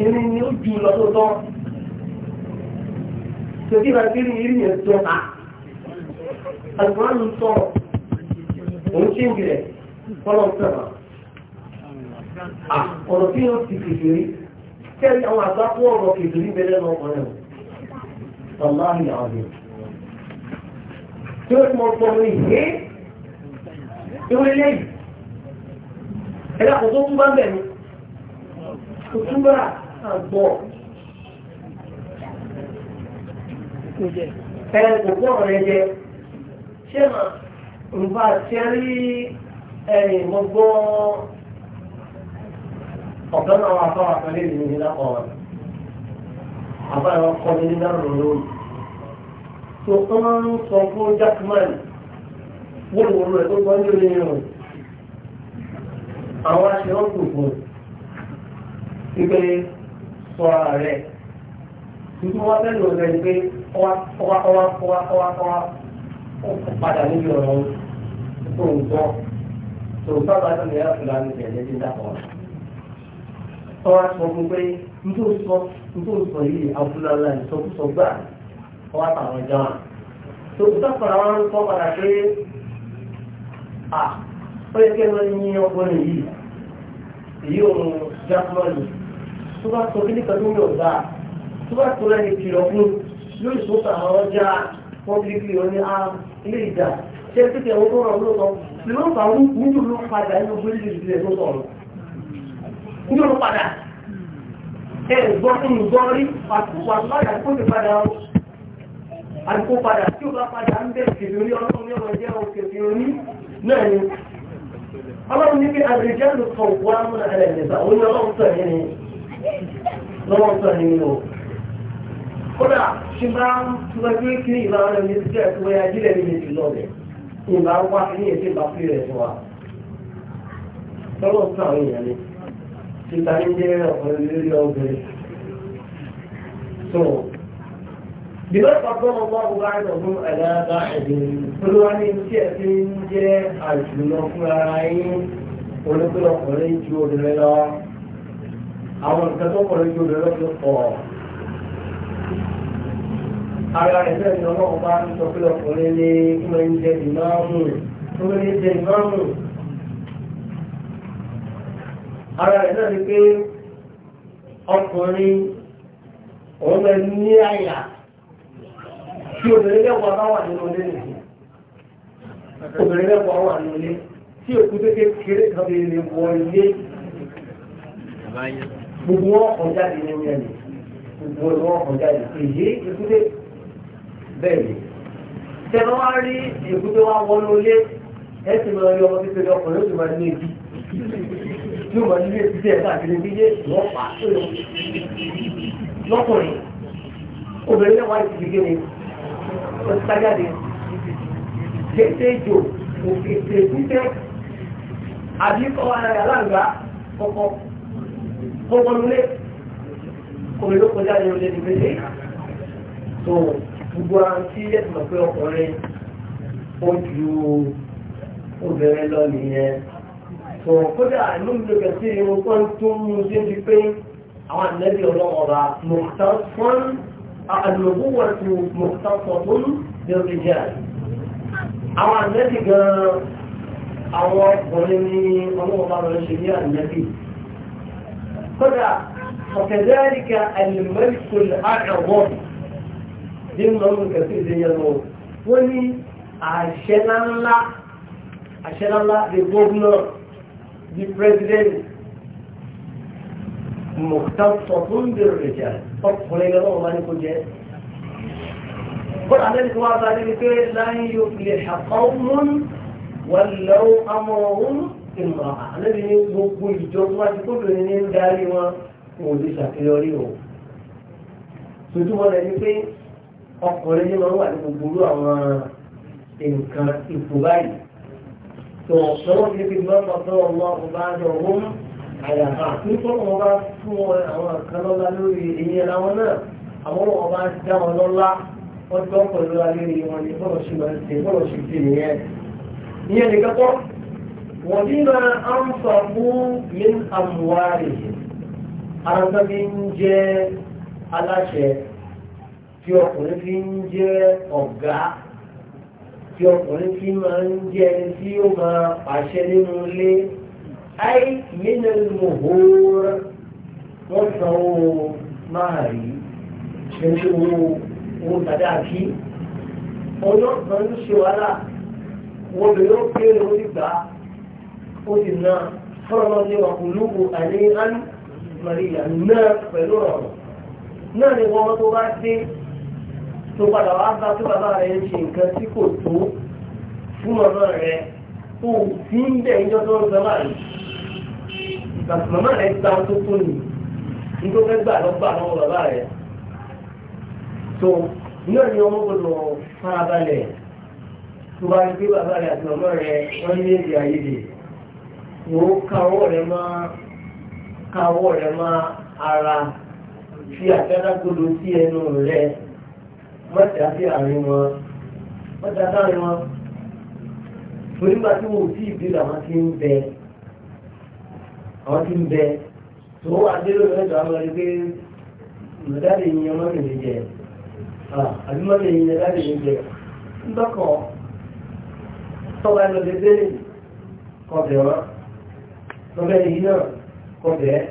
yìí ni ó ju lọ tó tán tòbí bá kiri ìrìn ẹ̀ tó ta àgbọ̀n sọ̀rọ̀ òun ọ̀rọ̀ tí yóò ti kékeré kẹ́rin àwọn àgbákò ọ̀rọ̀ kékeré bẹ̀rẹ̀ lọ ọ̀rẹ́ o wàláhì tí ó ti mọ pọ̀ ní ìwé ìwé lẹ́yìn kò tó túbá ń kò túbá àgbọ̀ ẹ̀rẹ̀ kò gbọ́ ọ̀rẹ́ jẹ nfa sẹ́rí ẹ̀yìn gbogbo ọ̀kan náà wà fáwọn àkàlẹ́ ìlú ní lápá wọn àbáyọ kọ́ ní nínú àrùn lórí tó ń sọ fún Jackman wọ́n wọ́n rẹ̀ tó gbọ́ ní orí rẹ̀ àwọn aṣèrán kò fún ìpè sọ ààrẹ tuntun wọn fẹ́ lò rẹ̀ pé ọwá padà níbi ọ̀rọ̀ tó ń gbọ́ tó ń sábà tó nìyá fúlà ní ìbẹ̀rẹ̀ ní dàpọ̀. Sọ wá sọ fún pé nítorí sọ sọ yìí afúláńlá ìsọkúsọ gbà wọ́n á Tó ń sáfàrà wọn ń sọ padà pé à ó yẹ kí ẹ lọ yín ọgbọ́n yìí èyí òun jákúmọ́nì tó bá sọ kíní kan tó ń yọ̀ tó bá sọ lẹ́yìn kìlọ̀ fún lórí sọ́kà àwọn ọjà wọ́n kiri ilé ìjà ṣe títẹ̀ owó tó rọ̀ lóòótọ́ sí ló ń fa ọdún níjò ló padà nínú gbélé ìdílé tó sọ̀rọ̀ níjò ló padà ẹ gbọ́ nínú gbọ́ rí wà lọ́yà kó ti padà ó àdìpọ̀ padà tí ó bá padà ń bẹ̀ kèfì orí ọlọ́run ní ọ̀rọ̀ jẹ́ òkèfì orí náà ni ọlọ́run ní pé àgbèjẹ́ ló kọ̀ wá mọ́ ẹ̀rẹ̀ ìgbà ó ní ọlọ́run sọ̀rọ̀ yẹn ni lọ́wọ́ sọ̀rọ̀ yẹn ni o kódà ṣe bá ń tura pé kí ìlà rẹ̀ ní sílẹ̀ tó wáyé ajílẹ̀ ní méjì lọ rẹ̀ ìlà wá ní èdè bá fi rẹ̀ fún wa. tọ́lọ̀ sí àwọn èèyàn ni títa ní jẹ́ ọ̀pọ̀lọpọ̀ lórí ọ̀gbẹ̀rẹ̀. so bíbá ìpàgọ́ ọmọ wa wà ní ọdún àdáadáa ẹ̀dẹ̀ olúwa ní tí ẹ ń jẹ́ àjùlọ fún ara yín olókùnrin ọkùnrin ju obìnrin lọ àwọn nǹkan tó kọ̀ọ̀rọ̀ ju obìnrin lọ fi pọ̀ ara rẹ̀ náà ni ọlọ́run bá ń sọ pé ọkùnrin ní ìmọ̀ ń jẹ ìmáàmù tó ń lè jẹ ìmáàmù ara rẹ̀ náà ni pé ọkùnrin òun lè ní àyà tí obìnrin lẹ́wọ̀ bá wà nínú ilé nìyí obìnrin lẹ́wọ̀ wà nínú ilé tí òkú tó kékeré kan lè lè wọ ilé gbogbo wọn kọjá lè ní ẹnì gbogbo wọn kọjá lè èyí ìkúté bẹ́ẹ̀ ni tẹ́lẹ̀ wá rí èkúté wá wọnú ilé ẹ sì máa rí ọmọ kékeré ọkùnrin ó sì máa ní ebi tí ó máa ní ebi tí ẹ káàkiri bí yé wọ́n pa lọ́kùnrin obìnrin náà wáyé ti gé ni ó ti tájáde kété jò òkèké títẹ́ àbí kọ́ ara rẹ̀ aláǹgbá kọ́kọ́ kọ́kọ́ nulẹ̀ kọ́mi ló kọjá ní olè ní gbogbo ara tí ẹ̀sìn mọ̀ pé ọkùnrin ó ju obìnrin lọ nìyẹn tó kódà inú mi lókè sí irun kan tó mú un débi pé àwọn ànẹ́bí ọlọ́wọ́ ra mọ̀tà fún àlùbọ̀ wọn tó mọ̀tà fọ̀tún lórí jẹ́ àwọn ànẹ́bí gan àwọn ọkùnrin ní ọlọ́wọ́ lọ ṣe ní ànẹ́bí kódà ọ̀kẹ́dẹ́rìkà àlùmọ́lìkùn àrẹ̀wọ̀n bí mọ́mú kẹsí ìdíyẹn lọ wọ́n ní àṣẹ ńláńlá àṣẹ ńláńlá the governor the president mọ̀tàn tọ̀tún bèrè rẹ̀ jà ọkùnrin lọ́wọ́ máa ní kó jẹ́ قل عن ذلك وعد ذلك لن يفلح قوم ولو امرهم امراه الذي يقول الجمعه كل من داري ومدرسه كيوريو sotuma na ni pé ọkùnrin ní wọn wà ní gbogbo àwọn nǹkan ipò báyìí tó lọ́wọ́ ti fi máa ń sọ ọmọ ọba àjọ owó àyàfà nítorí wọn bá fún àwọn kan lọ́la lórí ìyẹn láwọn náà àwọn wọn bá dá wọn lọ́la wọ́n tó pẹ̀lú ayé ni wọ́n ní bọ́lọ̀ ṣe máa ń ṣe bọ́lọ̀ ṣe ti nìyẹn. ìyẹn nìkan kọ́ wọ́n ní máa ń sọ fún yín àmúwárì aláṣẹ tí ọkùnrin fi ń jẹ́ ọ̀gá tí ọkùnrin fi máa ń jẹ́ ẹni tí ó máa pàṣẹ nínú ilé áì nínú ìmọ̀hóòrò wọ́n san owó máa rí ṣẹ́ńtì owó owó tàdá kí ọjọ́ kan ń ṣe wàhálà wọ́n lè yọ kéré orí gbà ó sì na fọ́nrán ní ọkùnlúwò àní án màríyà náà pẹ̀lú ọ̀rọ̀ náà ni wọ́n tó bá dé tó padà wá bá tó bàbá rẹ̀ ṣe nǹkan tí kò tó fún ọmọ rẹ̀ kó sí ń bẹ̀ níjọ́ tó ń sọ báyìí màmá rẹ̀ gba tó tó nì nígbó fẹ́ gbà lọ gbà lọ́wọ́ bàbá rẹ̀ tó náà ni ọmọ gbọdọ̀ farabalẹ̀ tó bá rí pé bàbá rẹ̀ àti màmá rẹ̀ wọ́n ní èdè àyèdè ó káwọ́ rẹ̀ máa káwọ́ rẹ̀ máa ara fi àtẹ́lágbọ́dọ̀ sí ẹnu rẹ̀ mọ́tà sí àárín wọn mọ́tà sáárín wọn torí nígbà tí wọn ò tí ì bí làwọn ti ń bẹ àwọn ti ń bẹ tó adélóyè mẹ́jọ àwọn ẹni pé mọ̀dáde yìí ọmọ mi lè jẹ ah, àbí mọ́tà yìí mọ̀dáde yìí jẹ ńdọ́kọ̀ tọ́ba ẹ̀ lọ́dẹ bẹ́ẹ̀ kọ̀bẹ̀ wọn tọ́ba ẹ̀ yìí náà kọ̀bẹ̀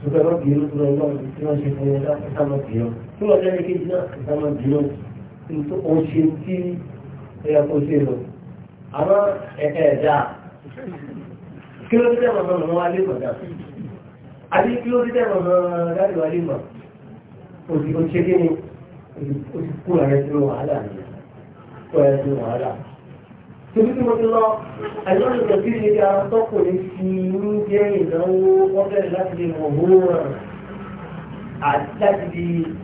ṣùgbọ́n bí irú tó lọ́wọ́ tí wọ́n ṣe fún yẹn láti sábà bìí wọn tó lọ sẹ́ni kejì náà ìdámọ̀ jùlọ tó o ṣe tí ẹ̀yà kò ṣe lọ àmọ́ ẹ̀kẹ́ ẹ̀dá kí ló dídẹ̀ mọ̀mọ́ mọ̀ wá lé mọ̀ dá àbí kí ló dídẹ̀ mọ̀mọ́ dáàbì wá lé mọ̀ o ti o ṣe kí ni o ti kú ààrẹ sínú wàhálà ni kú ààrẹ sínú wàhálà torí tí mo ti lọ àyọ̀ ìgbà tí ìyá tọkùnrin fi ń jẹ́ ìnáwó wọ́n fẹ́rẹ̀ láti lè mọ̀ wó rẹ̀ àti láti lè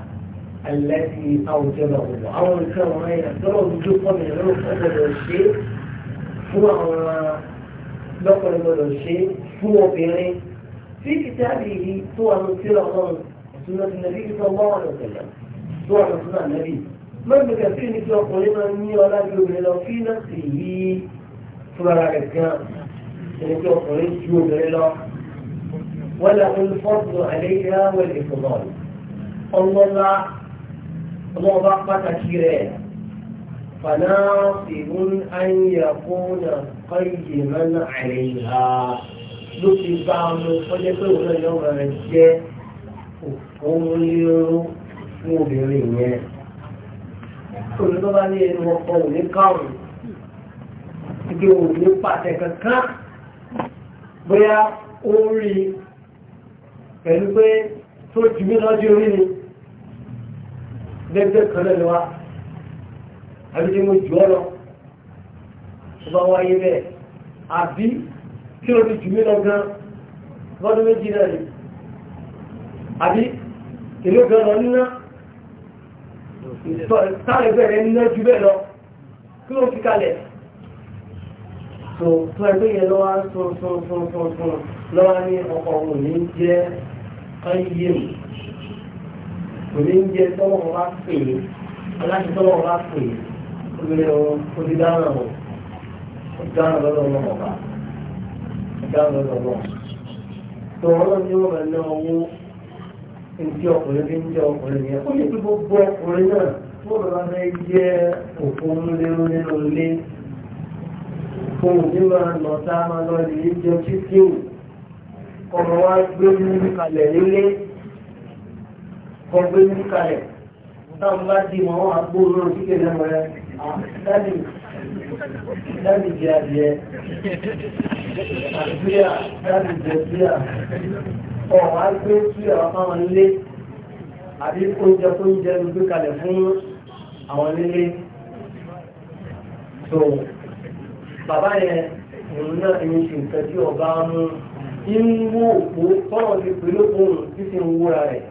التي أوجبه أو كان ما يقدر وجوبا من الأمر الشيء هو لقل من الشيء هو بيني في كتابه هو مثير عن سنة النبي صلى الله عليه وسلم هو سنة النبي من بكثير مثل قولنا أني ولا يؤمن في نفسه فلا يكاد مثل قولنا يؤمن وله الفضل عليها والإفضال الله ọlọ́wọ́ bá pàtàkì rẹ̀ fanáfìrún ayẹ̀kúnà kọ́yì mẹ́nà àìyá ló ti bá ọmọ ọjọ́ pé òun náà yọ̀wọ̀ rẹ̀ jẹ́ òun lérò fún obìnrin yẹn. Òun tó bá ní ẹnu ọkọ òní káwọn ìgbé òun pàtẹ kankan bóyá ó rí pẹ̀lú pé tó jù mí lọ́jọ́ orí ni lẹ́gbẹ́ kan náà ni àbí tí mo jù ọ lọ tó bá wáyé bẹ́ẹ̀ àbí kí ló ti jù mí lọ gan lọ́dún méjì náà ni àbí èló gan lọ níná táwọn ẹgbẹ́ rẹ níná ju bẹ́ẹ̀ lọ kí ló fi kalẹ̀ tó ẹgbẹ́ yẹn lọ́wọ́ sọ̀rọ̀sọ̀rọ̀sọ̀rọ̀ lọ́wọ́ ní ọkọ̀ òun ní jẹ́ káyé mi kò ní jẹ tọ́wọ́ wọn pè é aláṣẹ tọ́wọ́ wọn pè é obìnrin wọn kò ti dáná o ó dáná lọ́dọ̀ wọn ọ̀gá ó dáná lọ́dọ̀ wọn. tó náà ní wọn ná owó ntí ọkùnrin bí ń jẹ ọkùnrin yẹn ó ní kí gbogbo ọkùnrin náà tó wọn bá fẹ́ jẹ òkú ńlẹ́rú nínú ilé fún òbí máa lọ tá máa lọ lè jẹ chicken ọmọ wa gbé ní kalẹ̀ nílé gbogbo ní kalẹ̀ táwọn bá di mọ́ agbóhùn síkè lẹ́mọ̀ rẹ̀ dáàdì dáàdì jẹ́ adìẹ àdúyà dáàdì jẹ́ síyà ọ̀ wá gbé síyà fáwọn nílé àbí oúnjẹ tó ń jẹ́ gbé kalẹ̀ fún àwọn nílé tó bàbá yẹn òun náà ẹni ṣe nǹkan tí ọba mú inú òpó tọ́rọ̀ ti pè lókun títí ń wúra rẹ̀.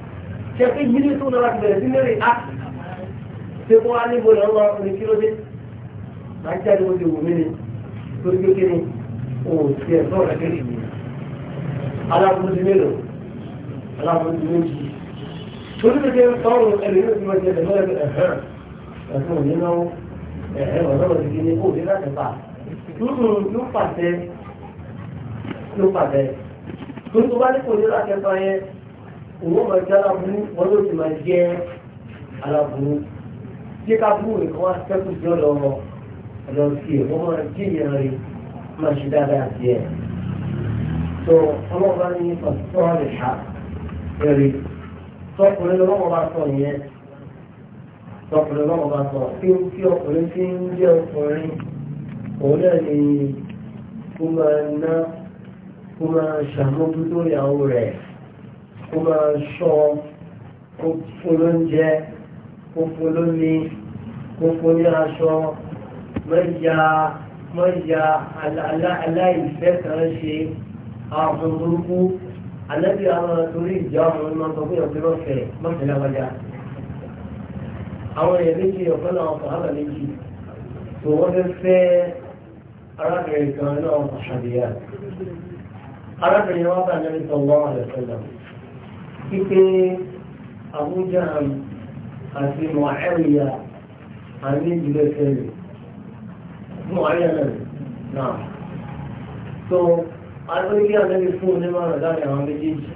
ṣe pé yìí ní tó náà láti bẹ̀rẹ̀ sí mẹ́rin ah! á ṣe kó wá níbo lọ ní kí ló dé máa jáde ó ti wù mí ni torí pé kí ni o ò ti ẹ̀ sọ̀rọ̀ kí ni alákòóso mélòó alákòóso méjì torí pé kí ni sọ̀rọ̀ ẹ̀rọ yóò ti máa jẹ ẹ̀rọ ẹ̀rọ ẹ̀hán ẹ̀sùn òní náwó ẹ̀hán ọ̀rọ̀ ti kí ni o ò ní láti pa ló pàṣẹ ló pàṣẹ tó tó bá ní kò ní láti pa yẹn òun máa jẹ́ aláburú wọn yóò sì máa jẹ́ aláburú tí ká bú nǹkan wá sẹ́kù sí ọ̀dọ̀ ọmọ ọ̀dọ̀ sí ẹ̀ wọ́n máa jí ìyẹn rẹ̀ máa ṣe dáadáa sí ẹ̀. tó ọlọ́ba ní ọ̀sán rẹ̀ ṣá ẹ̀rẹ̀ tọkùnrin lọ́wọ́ bá sọ yẹn tọkùnrin lọ́wọ́ bá sọ kí ó kí ọkùnrin fi ń jẹ́ ọkùnrin òun náà ni kó máa ná kó máa ṣàmójútó ìyàwó rẹ̀ kó máa ṣọ́ kó fún lóúnjẹ kó fún lómi kó fún ní aṣọ mẹ́ja mẹ́ja aláìfẹ́ kan ṣe àwọn burúkú àlẹ́bí àwọn torí ìjà ọmọ ní máa sọ pé ọ̀gbẹ́ lọ́fẹ̀ẹ́ mọ́tẹ́lá wájà àwọn èèyàn méjì ọ̀kan náà ọkọ̀ hàn méjì tó wọ́n fẹ́ fẹ́ arábìnrin kan náà ọkọ̀ arábìnrin wọn bá nẹ́rìndínlọ́wọ́ àlẹ́sẹ̀ náà pípé àbújá àti mọ̀ẹ́rìyà àní ìdílé sẹ́yìn mọ̀ẹ́rìyà náà so àtúndí àlẹ́bí fún onímọ̀ràn láàrin àwọn méjèèjì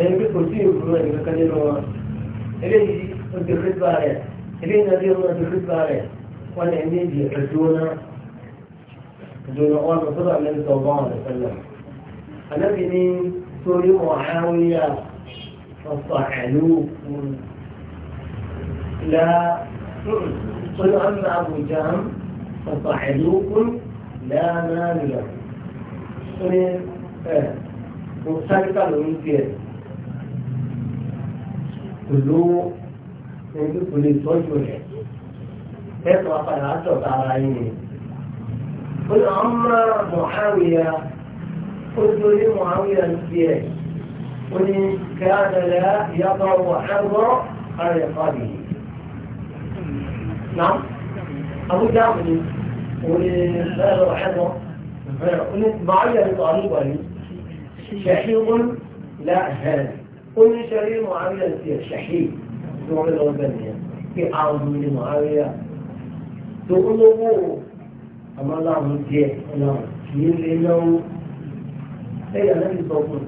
ẹni pé kò sí ìrùnú ẹni kankan nínú wọn eléyìí ó ti rí bá rẹ̀ eléyìí náà lé wọn ti rí bá rẹ̀ wọn ní ẹni ìdí ẹ̀dúnà ẹ̀dúnà wọn lọ sọ́dọ̀ àlẹ́bí sọ̀gbọ́n rẹ̀ sẹ́lẹ̀ àlẹ́bí ní sórí mọ̀ẹ́rìyà. فصعلوك لا قل أما أبو جام فصعلوك لا مال له وكذلك المنكر كله يمكن كل الوجه اقرأ قناته تعالى قل أما معاوية قلت لمعاوية الفيل قل كان لا يقع حر رقابه نعم أبو جعفر قل لا يضع حر قل معي لطالب علي شحيق لا هذا قل شرير معاوية لسير شحيق سوى من الغنية في من لمعاوية تقلبوا أما الله مجيء نعم. الله يلي له هي أنا بصوته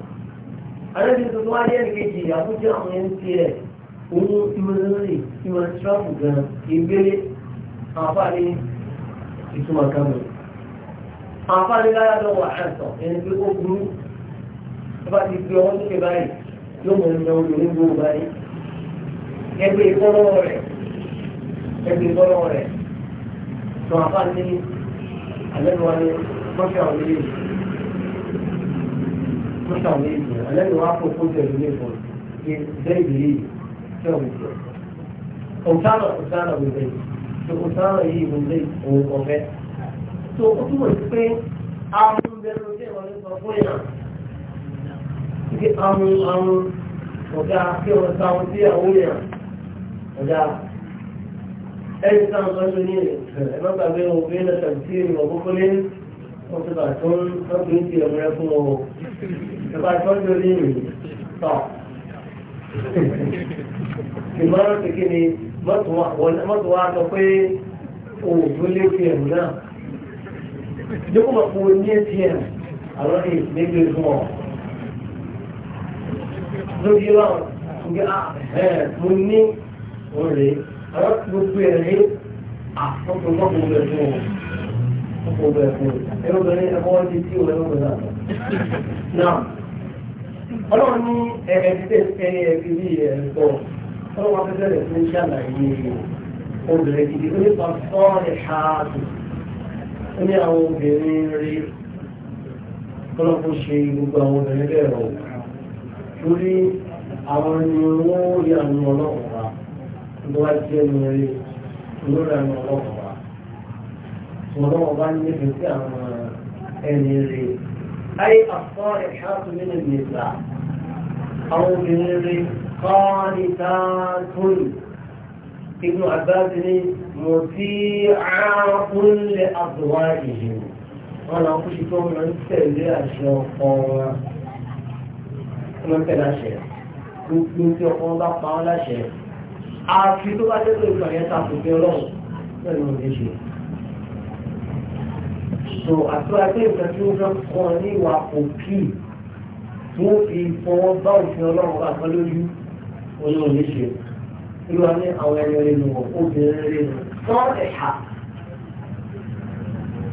àrẹ́bí tuntun wá jẹ́ ìkejì àbújá àwọn ẹni tí ẹ̀ òun ìmọ̀lẹ́rì ìmọ̀ tíráfù gan ìgbélé àǹfààní ìtumọ̀ kánú àǹfààní lára lọ́wọ́ àṣọ ẹni pé ó burú tó bá ti gbé ọwọ́ sókè báyìí yóò mọ̀ nígbà wọn lórí gbogbo báyìí ẹgbẹ́ ìfọ́lọ́wọ́ rẹ̀ ẹgbẹ́ ìfọ́lọ́wọ́ rẹ̀ tó àǹfààní alẹ́ ni wọ́n ní mọ́ṣẹ́ àwọn ilé yìí social media ẹlẹ́yìn wá fún fún tẹ̀lé ní ìfọ̀ kí bẹ́ẹ̀dì yìí kí ọ̀hún jẹ. òtánà òtánà wò lẹ́yìn tó òtánà yìí wò lẹ́yìn òun ọ̀fẹ́. tó o túmọ̀ sí pé àwọn bẹ̀rù ní ìwọ̀n ní sọ fún yàn kí àwọn àwọn ọ̀gá kí wọ́n sa ohun sí àwọn yàn ọ̀gá ẹni sáà sọ ní ní ẹ̀ má gbàgbé ohun bí ẹ̀ lọ́sàn-án kókó lé wọ́n ti bàtún wọ́n fi ń rẹ fún wọn ìgbà ìtọ́jú orí ìrìn tọ̀. ìmọ̀ràn kékeré ni mọ́tò wa sọ pé òògùn lé fi náà. Jókòó máa fún ní ATM àwọn ní ìgbégbé fún ọ. Lórí ìlànà ìgbé ah, mo ní òun rèé àwọn gbogbo ẹ̀rí àkókò gbogbo fún ọ gbogbo ẹ̀kọ́ ẹ̀rọ obìnrin ẹ̀kọ́ wọ́n tí òun ẹ̀rọ náà ọlọ́run ní ẹ̀rẹ̀ títẹ̀ fẹ́ ẹbí rí ẹ̀rù tọ̀ ọlọ́run wọn fẹ́fẹ́ rẹ̀ tó ń ṣàlàyé obìnrin gidi ó nípa sọ́ọ̀rẹ̀ ṣáàtù ó ní àwọn obìnrin rí kọ́lọ́kọ́ ṣe gbogbo àwọn obìnrin bẹ́ẹ̀ rọ̀ torí àwọn ni wọ́n rí àwọn ọlọ́run wa ló wá jẹ́ ní rí olórí àwọn ọlọ́run wa ọlọ́run wa níbi tí àwọn ẹni rí. أي الصالحات من النساء أو من قانتات ابن عباس مطيعات لأزواجهم وأنا أقول لكم من تلي أشياء من تلي أشياء من تلي أشياء àfi tó bá jẹ́ pé ìgbà yẹn ta kò fi ọlọ́run so àtúrà pé nǹkan tí wọ́n fẹ́ kọ́ ní ìwà òkì tí wọ́n fi fọwọ́ bá òfin ọlọ́run bá kan lójú oyún oníṣe ìwà ní àwọn ẹni rẹ̀ nù obìnrin rẹ̀ nù tọ́ ẹ̀ha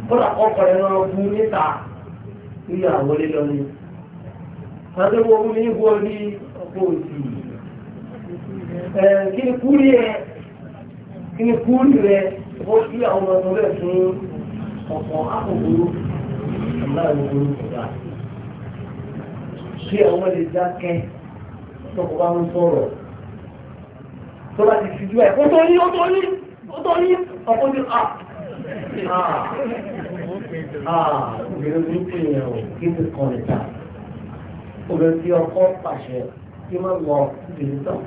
kódà ọkọ̀ rẹ̀ náà bu níta ilé àwọlé lọ ni àdébò omi ní ìbú orí ọkọ̀ òsì kí ni kúrí rẹ̀ kí ni kúrí rẹ̀ ó sí àwọn ọmọ ọmọ rẹ̀ fún ọ̀pọ̀ akọ̀gbòrò láàrin orí ìgbà ṣé ọmọ lè dákẹ́ tọkọ bá ń sọ̀rọ̀ tó bá ti fi jù ẹ̀ ó tó ní ó tó ní ó tó ní ọ̀pọ̀ ti à obìnrin tó ń pè yẹn o kí n ti kàn lè ta obìnrin tí ọkọ pàṣẹ kí n lọ obìnrin tán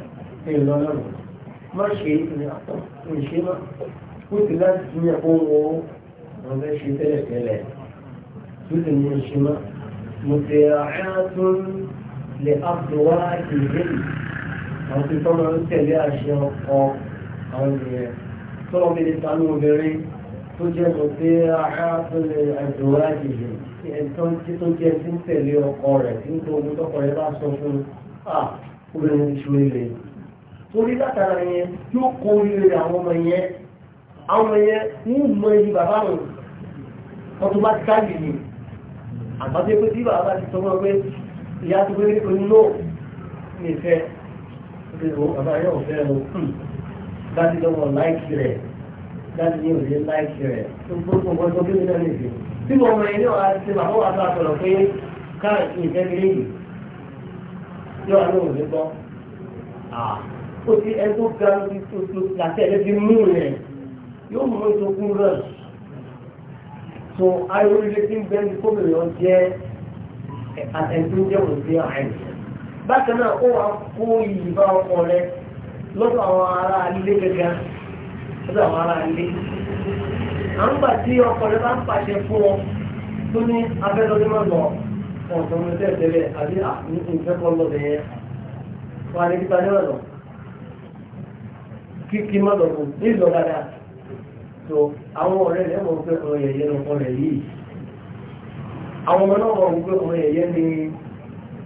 kí n lọ má ṣe é ní àtọ̀ kí n má ó ti láti ní ẹ̀kọ́ wọn o wọ́n fẹ́ ṣe tẹ́lẹ̀tẹ́lẹ̀ tó lè mú ṣe mọ́ mo ti àáyátún lè àpòwá ìrèlè àwọn tí tọ́lọ ń tẹ̀lé àṣẹ ọkọ àwọn ènìyàn tọ́lọ bí lè tanú obìnrin tó jẹ́ mo ti àáyátún lè àpòwá ìrèlè ẹ̀tọ́ tí tó jẹ́ tí ń tẹ̀lé ọkọ rẹ̀ tí ń tó ogun tọkọ rẹ̀ bá sọ fún à obìnrin ti ṣe ilé torí látara yẹn yóò kó ilé àwọn ọmọ yẹn àwọn ọmọ yẹn ń mọ ibi bàbá wọn automatically ni àgbàdo pé tí bàbá ti sọ wọn pé ìyá hmm. tó pé oní náà ní ìfẹ́ pé o bàbá yóò fẹ́ o dájú lọ́wọ́ láìkì rẹ̀ dájú ní òde láìkì rẹ̀ tó gbogbo nǹkan tó bí nínú ìfẹ́ tí mo mọ ilé wa ti bàbá wa bá sọ̀rọ̀ pé káàkiri ìfẹ́ kiri yìí yóò wá ní òde gbọ́ ó ti ẹgbẹ́ gan-an tó tó làtẹ̀lẹ́ ti mú rẹ̀ yóò mú ètò kúrò so ayọ̀rẹ́lẹ́ tí ń bẹ́ẹ̀ ní gómìnà jẹ́ àtẹ̀túnjẹ́ òṣèré àìní bákan náà ó wà kó ìyìnbá ọkọ rẹ lọ́dọ̀ àwọn ará ilé gẹ́gẹ́ lọ́dọ̀ àwọn ará ilé àwọn gbà tí ọkọ rẹ bá ń pàṣẹ fún ọ tó ní abẹ́lọ́dé máa lọ ọ̀sán ní tẹ́tẹ́lẹ̀ àbí ìfẹ́kọ̀ọ́ lọ́dọ̀ yẹn wà ní kíkà ní ọ̀dọ̀ kíkí má lọ́dọ̀ ní ìlọ so àwọn ọ̀rẹ́ rẹ̀ mọ̀ pé ọmọ yẹ̀yẹ́ ní ọkọ rẹ̀ yìí àwọn ọmọ náà mọ̀ pé ọmọ yẹ̀yẹ́ ní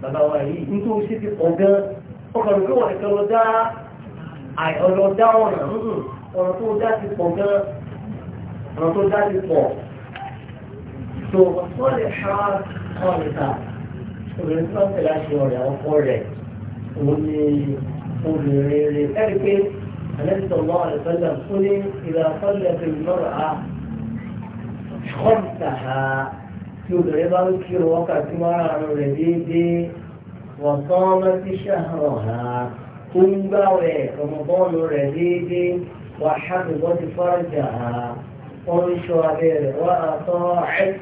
bàbá wa yìí nítorí sí ti pọ̀ gan ọkọ̀ rẹ̀ pé wọ́n ẹ̀kọ́ lọ dá ọ̀rọ̀ dá ọ̀nà ọ̀rọ̀ tó dá ti pọ̀ gan ọ̀rọ̀ tó dá ti pọ̀ so wọ́n lè ṣá ọ̀rẹ́ ta obìnrin tí wọ́n tẹ̀lé àṣẹ ọ̀rẹ́ àwọn ọkọ rẹ̀ òun ni obìnrin rẹ̀ ẹ̀rí pé النبي صلى الله عليه وسلم قل إذا صلت المرأة خمسها تدرب الكر وكتمار الرديد وصامت شهرها تنبوي رمضان الرديد وحفظت فرجها ومشوارير وأطاعت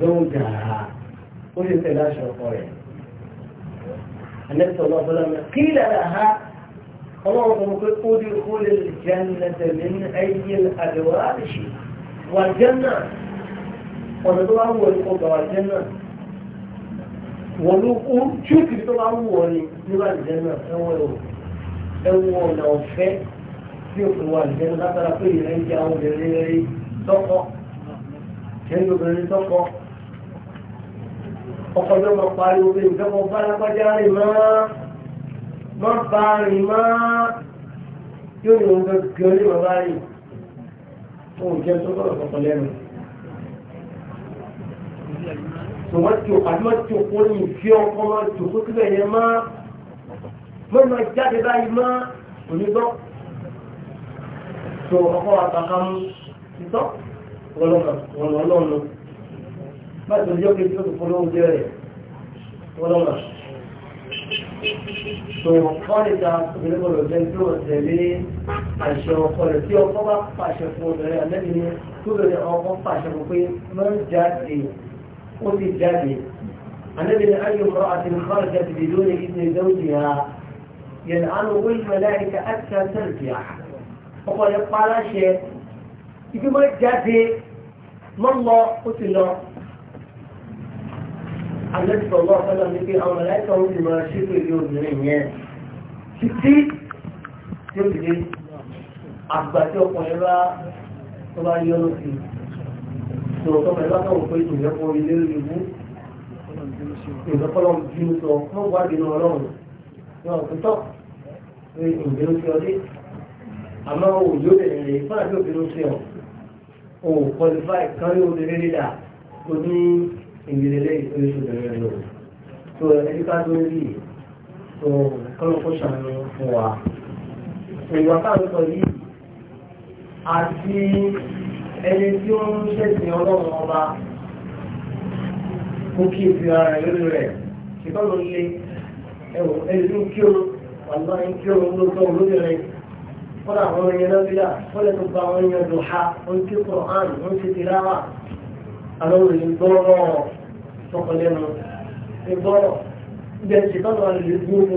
زوجها قل ثلاثة قرية النبي صلى الله عليه وسلم قيل لها اللهم ادخل الجنة من أي الأبواب شيء والجنة ونطلع هو القدرة الجنة ولو شوف يطلع هو نبقى الجنة أول أول وفاء يوصل والجنة لا ترى كل عندي أو جريري تقع كانوا بني تقع وقد ما قالوا بهم كما قال ما má bá rìn má yóò ní wọn gbẹgbẹ ní wọn bá rìn wọn jẹ tó bọ̀rọ̀ kọ̀kọ̀ lẹ́nu. Tòmá tí o àti má tí o kó ní ìfi ọkọ má tí o kó síbẹ̀ yẹn má má má jáde báyìí má onígbọ́. Tó ọkọ àtàkà mú títọ́ wọlọ́nà wọlọ́nà. Báyìí tó jẹ́ pé tí o tó polówó jẹ́ rẹ̀ wọlọ́nà so kọ́lẹ̀dà obìnrin gbọ́dọ̀ jẹ́ tí wọ́n tẹ̀lé àṣẹ ọkọ rẹ̀ tí ọkọ bá pàṣẹ fún obìnrin àlẹ́bí ni tó bẹ̀rẹ̀ ọkọ pàṣẹ fún pé wọ́n jáde ó ti jáde àlẹ́bí ni ayé ọmọ àti nǹkan ọ̀jẹ̀ ti dìdó ní ìdílé ìdánwò ha yẹn àánú owó ìmọ̀lẹ́ àyíká àti àtẹ̀lẹ̀tì à ọkọ rẹ̀ pa aláṣẹ ìgbìmọ̀ jáde mọ́ lọ ó ti lọ alẹ́sọ̀lọ́ ọ̀fẹ́lá ní pé àwọn ẹ̀láìsọ̀ ń ti máa ṣépè lé obìnrin yẹn títí tí ó ti dé àgbà tí ọkùnrin bá tó bá yọ ló fi sọ̀rọ̀ tọ́mọ ẹ̀ látọ̀wọ̀ pé ìyẹn kọ́ ilé ìlú ìdọ́kọ́lọ́ bí ó sọ fún ìwádìí náà ọlọ́run ní ọ̀pẹ́ tọ́ pé ìgbé ló fi ọdí àmọ́ òjò bẹ̀rẹ̀ fún àbí òbí ló fi ọ̀ ìrìnlẹ̀ ìpínlẹ̀ bẹ̀rẹ̀ lọ tó ẹni ká ló rí tó kọ́lọ́kọ́ ṣàánú fún wa ìwà káàkọ́ yìí àti ẹni tí ó ń ṣẹ̀sìn ọlọ́run ọba kó kí èsì ara rẹ̀ lórí rẹ̀ ṣùgbọ́n ló lé ẹ̀wọ̀n ẹni tó kí o wàlúwà ń kí o ló tọ́ lórí rẹ̀ kọ́lá àwọn èèyàn lọ́bílà kọ́lẹ̀ tó gba àwọn èèyàn lò ó ń kí kùrọ̀ án ó ń ṣe tìláwà àwọn òyìnbó náà tọkọ lẹ́nu ìgbọ́rọ̀ ìgbẹ́ ìṣèkọ́nà wà lè gbó mu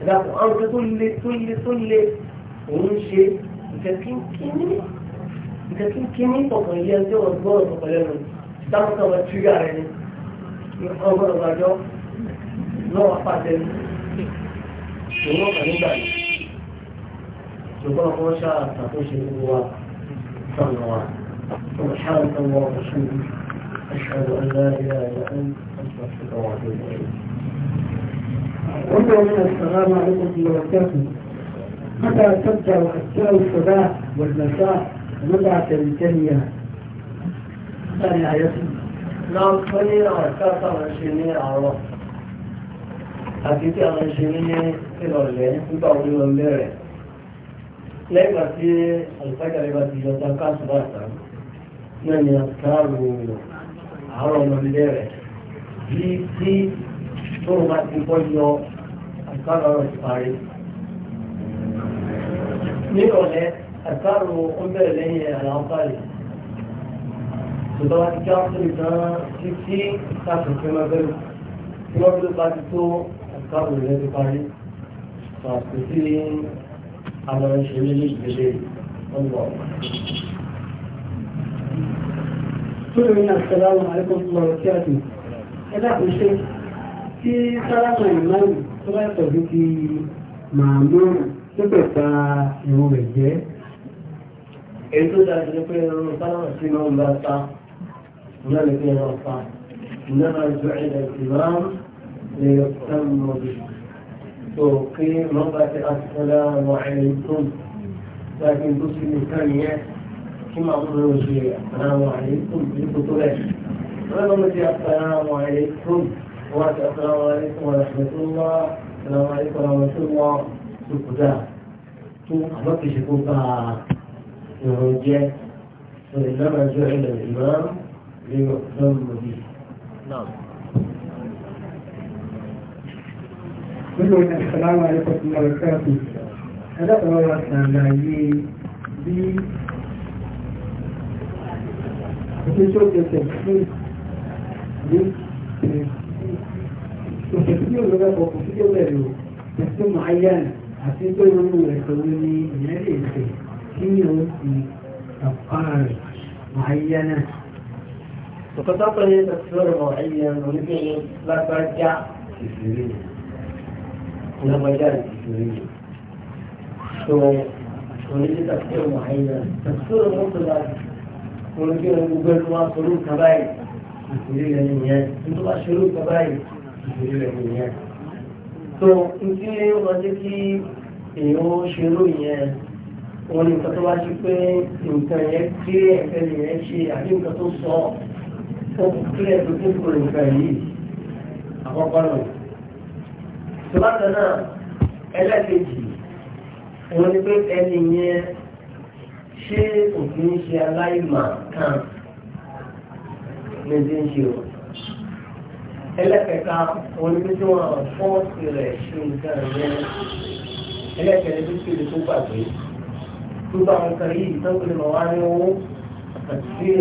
ìdàpọ̀ àwọn nǹkan tó le tó le tó le òun ṣe nǹkan kínkínní nǹkan kínkínní tọkọ ilé ẹjọ́ wọn gbọ́rọ̀ tọkọ lẹ́nu táwọn kan wọ́n tírí ààrẹ ni ọgbọ́n ọ̀gbàjọ́ náà wà pàṣẹ òun ọ̀kà nígbà yìí ṣùgbọ́n ọkọ̀ ṣáà ṣàtúnṣe gbogbo wa sọ̀rọ̀ wa. سبحانك اللهم وبحمدك أشهد أن لا إله إلا أنت أستغفرك أنت إليك. السلام عليكم ورحمة الله متى تبدأ أشياء الصباح والمساء متى تنتهي؟ ثاني آية نعم ثاني أركاتا وعشرين عرب àtìtì àwọn ìṣẹ̀lẹ̀ ní ìrọ̀lẹ́ nígbà orí wọn bẹ̀rẹ̀ lẹ́gbà tí alùpàgàrẹ́ bá ti yọ ọjà káàsùbà tán náà ni irole nigba ori won bere legba ti alupagare ba àárọ̀ ọmọdé rẹ̀ bí tí tóun bá ti kọ́ yọ àtàrà ọ̀rọ̀ ti parí. nírọ̀lẹ́ àtàrà ó bẹ̀rẹ̀ lẹ́yìn àlàáfàlì ṣùgbọ́n wá ti kí wọ́n tóbi tán títí káàkiri tí wọ́n bẹ̀rù tí wọ́n tó bá ti tó àtàrà rẹ̀ ti parí. Fàṣítì àwọn ìṣẹ̀lẹ̀ ní ìgbélé ọgbọ̀n fún mi àṣàlámù àríkọ́sùmọ̀ ọ̀kẹ́ àti ẹ̀dá kò ṣe tí sálámù ìmáàmù tó bá yàtọ̀ sí ti màmú nígbà pa ìrun rẹ̀ jẹ́. èyí tó dáa ṣe pé ẹran sálámù sí máa ń bá ta ìyá mi fi ẹran pa ìyá kí máa mú un ṣe àwọn àlékún nípò tó rẹ̀. Ọlọ́run ló ti àpẹẹrẹ àwọn àlékún wọ́n ti àpẹẹrẹ àwọn àlékún ọ̀rẹ́ ṣẹ̀tún wá àwọn àlékún ọ̀rẹ́ tó wọ́n tó kù dáa. Tó àmọ́ kì í ṣe kó bá ìrùn jẹ́ sọ̀rọ̀ ìlànà ìjọ ilẹ̀ ìmọ̀ lè lọ́n mọ̀bí. Nínú ìṣẹ̀lẹ̀ àwọn àlékún ọ̀rẹ́ kẹ́ẹ̀kì, bí Please show yourself. Please. Please. Please. وتفكير الغرب وتفكير غيره تفكير معين عشان كل منهم يسويني من هذه الشيء في أفكار معينة وقد أعطني تفكير معين ولكن لا ترجع تفكيرين لما جاء تفكيرين so ولكن تفكير معين تفكير مطلق wọn kí wọn gbogbo ẹni wọn sọ lóòótọ́ báyìí ìṣòro rẹ nìyẹn nítorí wọn sọ lóòótọ́ báyìí ìṣòro rẹ nìyẹn. tó n tí wọn jẹ́ kí èèyàn ó ṣe lóyìn wọn ní nǹkan tó wá sí pé nǹkan yẹn kí ẹ̀fẹ́ nìyẹn ṣe àbí nǹkan tó sọ ó kí ẹ̀fẹ́ tó kò nǹkan yìí àkọ́kọ́ nù. tó bá kan náà ni pé ẹni yẹn ṣé òfin ṣe aláìmọ̀ kan ní ti ń ṣe o ẹlẹ́kẹ̀ẹ́ka onídéjọ́ fọ́ọ̀sì rẹ̀ ṣe nǹkan rẹ̀ ẹlẹ́kẹ̀ẹ́ tó ṣe lè tó gbàgbé tó bá wọn kan yìí tó kọlẹ̀ mọ̀ wá ní owó àtàkùnfìrì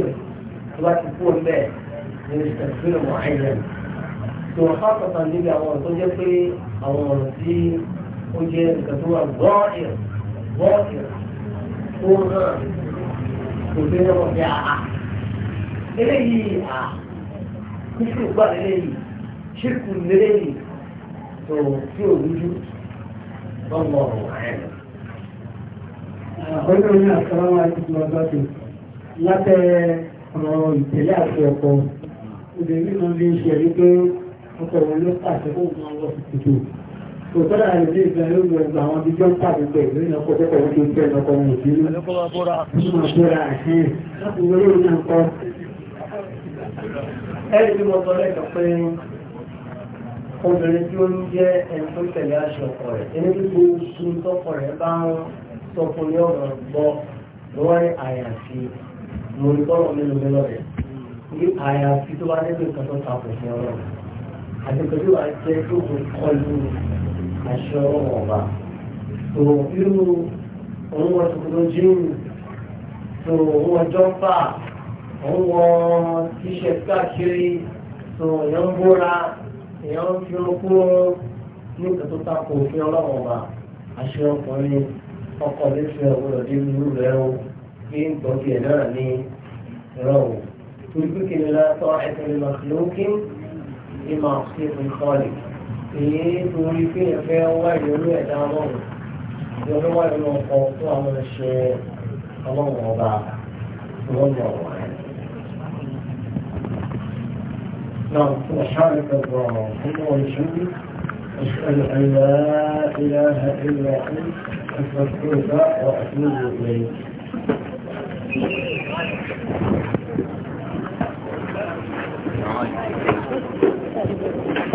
tó bá ti kú ọ̀bẹ ní àtàkùnfìrì mọ̀ àìlẹ̀ tó wọn fà kọ̀tà níbi àwọn ọ̀rọ̀ tó jẹ́ pé àwọn ọ̀rọ̀ tí ó jẹ́ nǹkan tó wà gbọ́ọ̀rì gbọ́ọ̀rì ó hàn kò dé lọ́wọ́ bí a eléyìí a kúkú gbà eléyìí ṣírkù eléyìí tó tí ò rújú lọ́wọ́ ọ̀hún. Àbẹ́rẹ́ ní àkàràwọ̀ àìsàn ọ̀dọ́tò lábẹ́ ọ̀rọ̀ ìtẹ̀lé àti ọ̀pọ̀ ṣe pé ọkọ̀ pàṣẹ fún tuntun. Òtọ́lá ẹni tí ìgbà yóò lọ ìgbà àwọn ìjọ ń pàdé pẹ̀lú ìrìnà ọkọ̀ pẹ̀lú kí n fẹ́ ọkọ̀ wọn sí ní ọgbọ́ra ẹ̀hìn láti wọlé ìrìnà ọkọ̀. obìnrin tí ó ń jẹ́ ẹni tó tẹ̀lé aṣọ ọkọ rẹ̀, ẹni tí gbogbo tọkọ rẹ̀ bá ń sọ fún ní ọ̀rọ̀ gbọ́ lọ́wọ́ àyàfi mo ní kọ́rọ̀ mélòó mélòó rẹ̀ ní àyàfi tó bá dé àṣọ ọ̀bà tó irú òun wọ ṣòkòtò jíìnì tó òun wọ jọ́pà òun wọ tíṣẹ̀tì káàkiri tó èèyàn ń bóra èèyàn ń fi okú ní ìtàn tó tako òfin ọlọ́wọ̀n ọ̀bà àṣọ ọkùnrin ọkọ̀ lè fi ọ̀gbọ́dọ̀ dé irú kí ní rẹ̀ èyí torí pé ẹ̀fẹ́ wá ìyọnú ẹ̀dá ọlọ́run ìyọnú wá ìyọnú ọkọ̀ fún àwọn ẹ̀ṣẹ̀ ọlọ́run ọba ọlọ́run ọ̀wá. نعم سبحانك اللهم وبحمدك أشهد أن لا إله إلا أنت أستغفرك وأتوب إليك